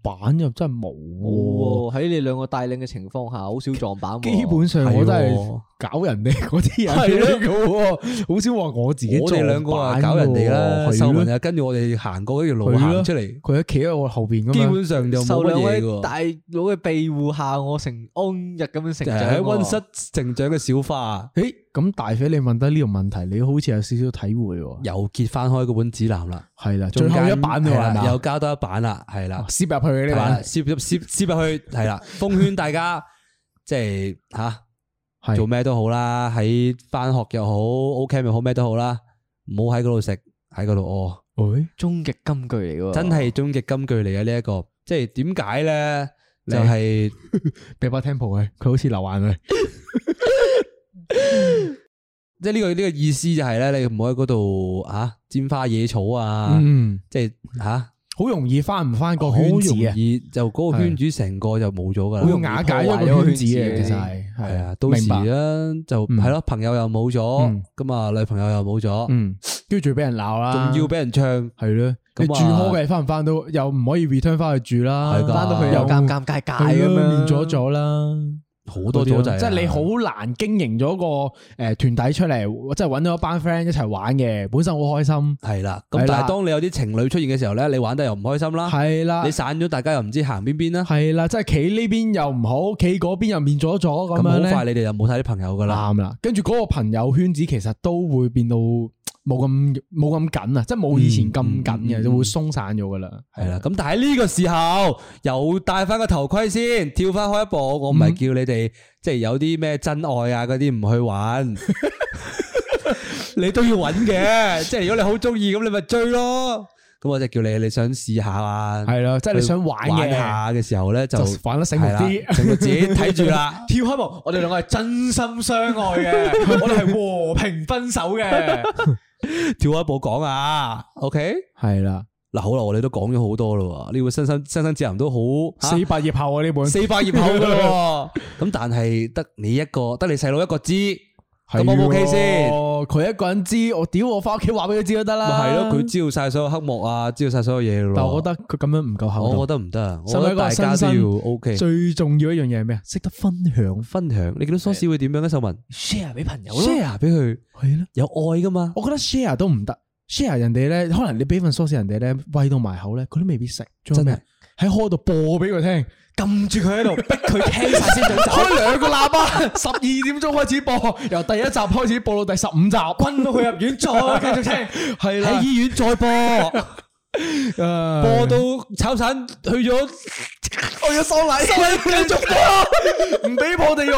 板又真係冇喎，喺、哦、你兩個帶領嘅情況下，好少撞板啊。基本上我都係搞人哋嗰啲人嘅，的好少話我自己。我哋兩個啊，個搞人哋啦，秀文啊，跟住我哋行過嗰條路的出嚟，佢喺企喺我後邊。基本上就冇乜嘢嘅。兩位大佬嘅庇護下，我成安日咁樣成長啊，喺溫室成長嘅小花。誒。咁大肥，你問得呢個問題，你好似有少少體會。又揭翻開嗰本指南啦，係啦，仲加一版啦，又加多一版啦，係啦，攝入去呢版，攝入攝攝入去，係啦，奉勸大家，即係吓做咩都好啦，喺翻學又好，O K 咪好咩都好啦，唔好喺嗰度食，喺嗰度屙。誒，終極金句嚟噶，真係終極金句嚟嘅呢一個，即係點解咧？就係俾把聽鋪佢，佢好似流眼嘅。即係呢個呢個意思就係咧，你唔好喺嗰度吓沾花惹草啊！即係吓好容易翻唔翻過好容易。就嗰個圈子成個就冇咗噶啦，好用瓦解一個圈子嘅，其實係係啊。到時咧就係咯，朋友又冇咗，咁啊，女朋友又冇咗，嗯，跟住仲要俾人鬧啦，仲要俾人唱係咯。你住好嘅翻唔翻到，又唔可以 return 翻去住啦，翻到去又尷尷尬尬咁樣變咗咗啦。好多啲，即係你好難經營咗個誒團體出嚟，即係揾到一班 friend 一齊玩嘅，本身好開心。係啦的，咁的但係當你有啲情侶出現嘅時候咧，你玩得又唔開心啦。係啦的，你散咗，大家又唔知行邊邊啦。係啦，即係企呢邊又唔好，企嗰邊又面左左咁樣咧。咁好快，你哋就冇晒啲朋友噶啦。啱啦，跟住嗰個朋友圈子其實都會變到。冇咁冇咁緊啊，即係冇以前咁緊嘅，嗯、就會鬆散咗噶啦，係啦吧。咁但係呢個時候，又戴翻個頭盔先，跳翻開一步。我唔係叫你哋即係有啲咩真愛啊嗰啲唔去揾， [LAUGHS] 你都要揾嘅。 [LAUGHS] 即係如果你好中意，咁你咪追咯。咁我就叫你，你想試下啊，係咯，即、就、係、是、你想玩嘅下嘅時候咧，就玩得醒目啲，自己睇住啦。 [LAUGHS] 跳開步，我哋兩個係真心相愛嘅， [LAUGHS] 我哋係和平分手嘅。 [LAUGHS] 跳一步講啊，OK，係啦的，嗱，好啦，我哋都講咗好多啦，呢本《新生新生指南》都好四百頁厚啊，呢本四百頁厚嘅，咁 [LAUGHS] 但係得你一個，得你細佬一個知。咁我 OK 先，佢一個人知，我屌我翻屋企話俾佢知都得啦。係咯，佢知道晒所有黑幕啊，知道晒所有嘢咯。但係我覺得佢咁樣唔夠厚。我覺得唔得，啊。我覺得大家都要 OK。最重要一樣嘢係咩啊？識得分享，分享。你見到梳斯會點樣咧？秀文 share 俾朋友，share 俾佢，係咯，有愛噶嘛？我覺得 share 都唔得，share 人哋咧，可能你俾份梳斯人哋咧喂到埋口咧，佢都未必食。真係？喺開度播俾佢聽。撳住佢喺度，逼佢傾晒先走。 [LAUGHS] 開兩個喇叭，十二點鐘開始播，由第一集開始播到第十五集，轟到佢入院，再繼續聽。係啦 [LAUGHS] 的，喺醫院再播。 [LAUGHS] [LAUGHS] 播到炒散去咗，去咗喪禮，繼續播，唔俾破地獄，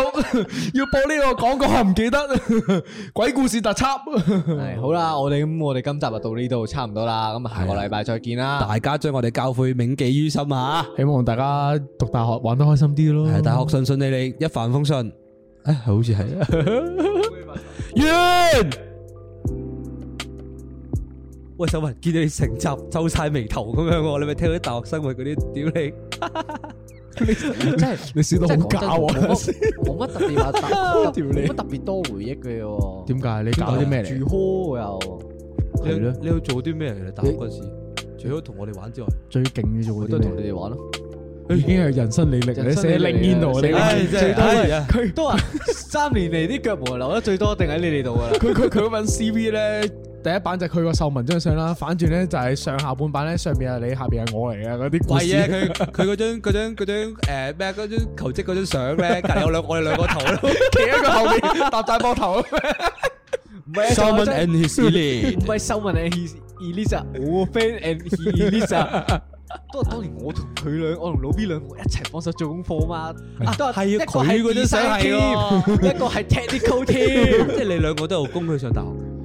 要播呢個廣告，唔記得鬼故事特輯。係好啦，我哋咁，我哋今集就到呢度，差唔多啦。咁啊，下個禮拜再見啦。大家將我哋教誨銘記於心啊！希望大家讀大學玩得開心啲咯。係大學順順利利，一帆風順。誒，好似係。完。喂，秀文，見到你成集皺晒眉頭咁樣，你咪聽到啲大學生活嗰啲屌你，你真係你笑到好假喎，冇乜特別啊，冇乜特別多回憶嘅，點解你搞啲咩嚟？住坷又係咯，你去做啲咩嚟？大學嗰時，除咗同我哋玩之外，最勁嘅啫喎，都係同你哋玩咯，已經係人生履歷，你寫零年度，寫最多佢都係三年嚟啲腳毛留得最多，定喺你哋度噶啦，佢佢佢搵 C V 咧。第一版就係佢個壽文張相啦，反轉咧就係上下半版咧，上邊係你，下邊係我嚟嘅嗰啲。貴嘅，佢嗰張、嗰張、嗰張誒咩？嗰張求職嗰張相咧，隔籬、欸、有兩我哋兩個頭，企喺佢後面搭晒膊頭。唔係 Simon and his Elisa 唔係 Simon and his Elisa，我 friend and his Elisa， [LAUGHS] 都係當年我同佢兩，我同老 B 兩，個一齊幫手做功課嘛。都係一個係 design、啊、一個係 technical team， [LAUGHS] 即係你兩個都有供佢上大學。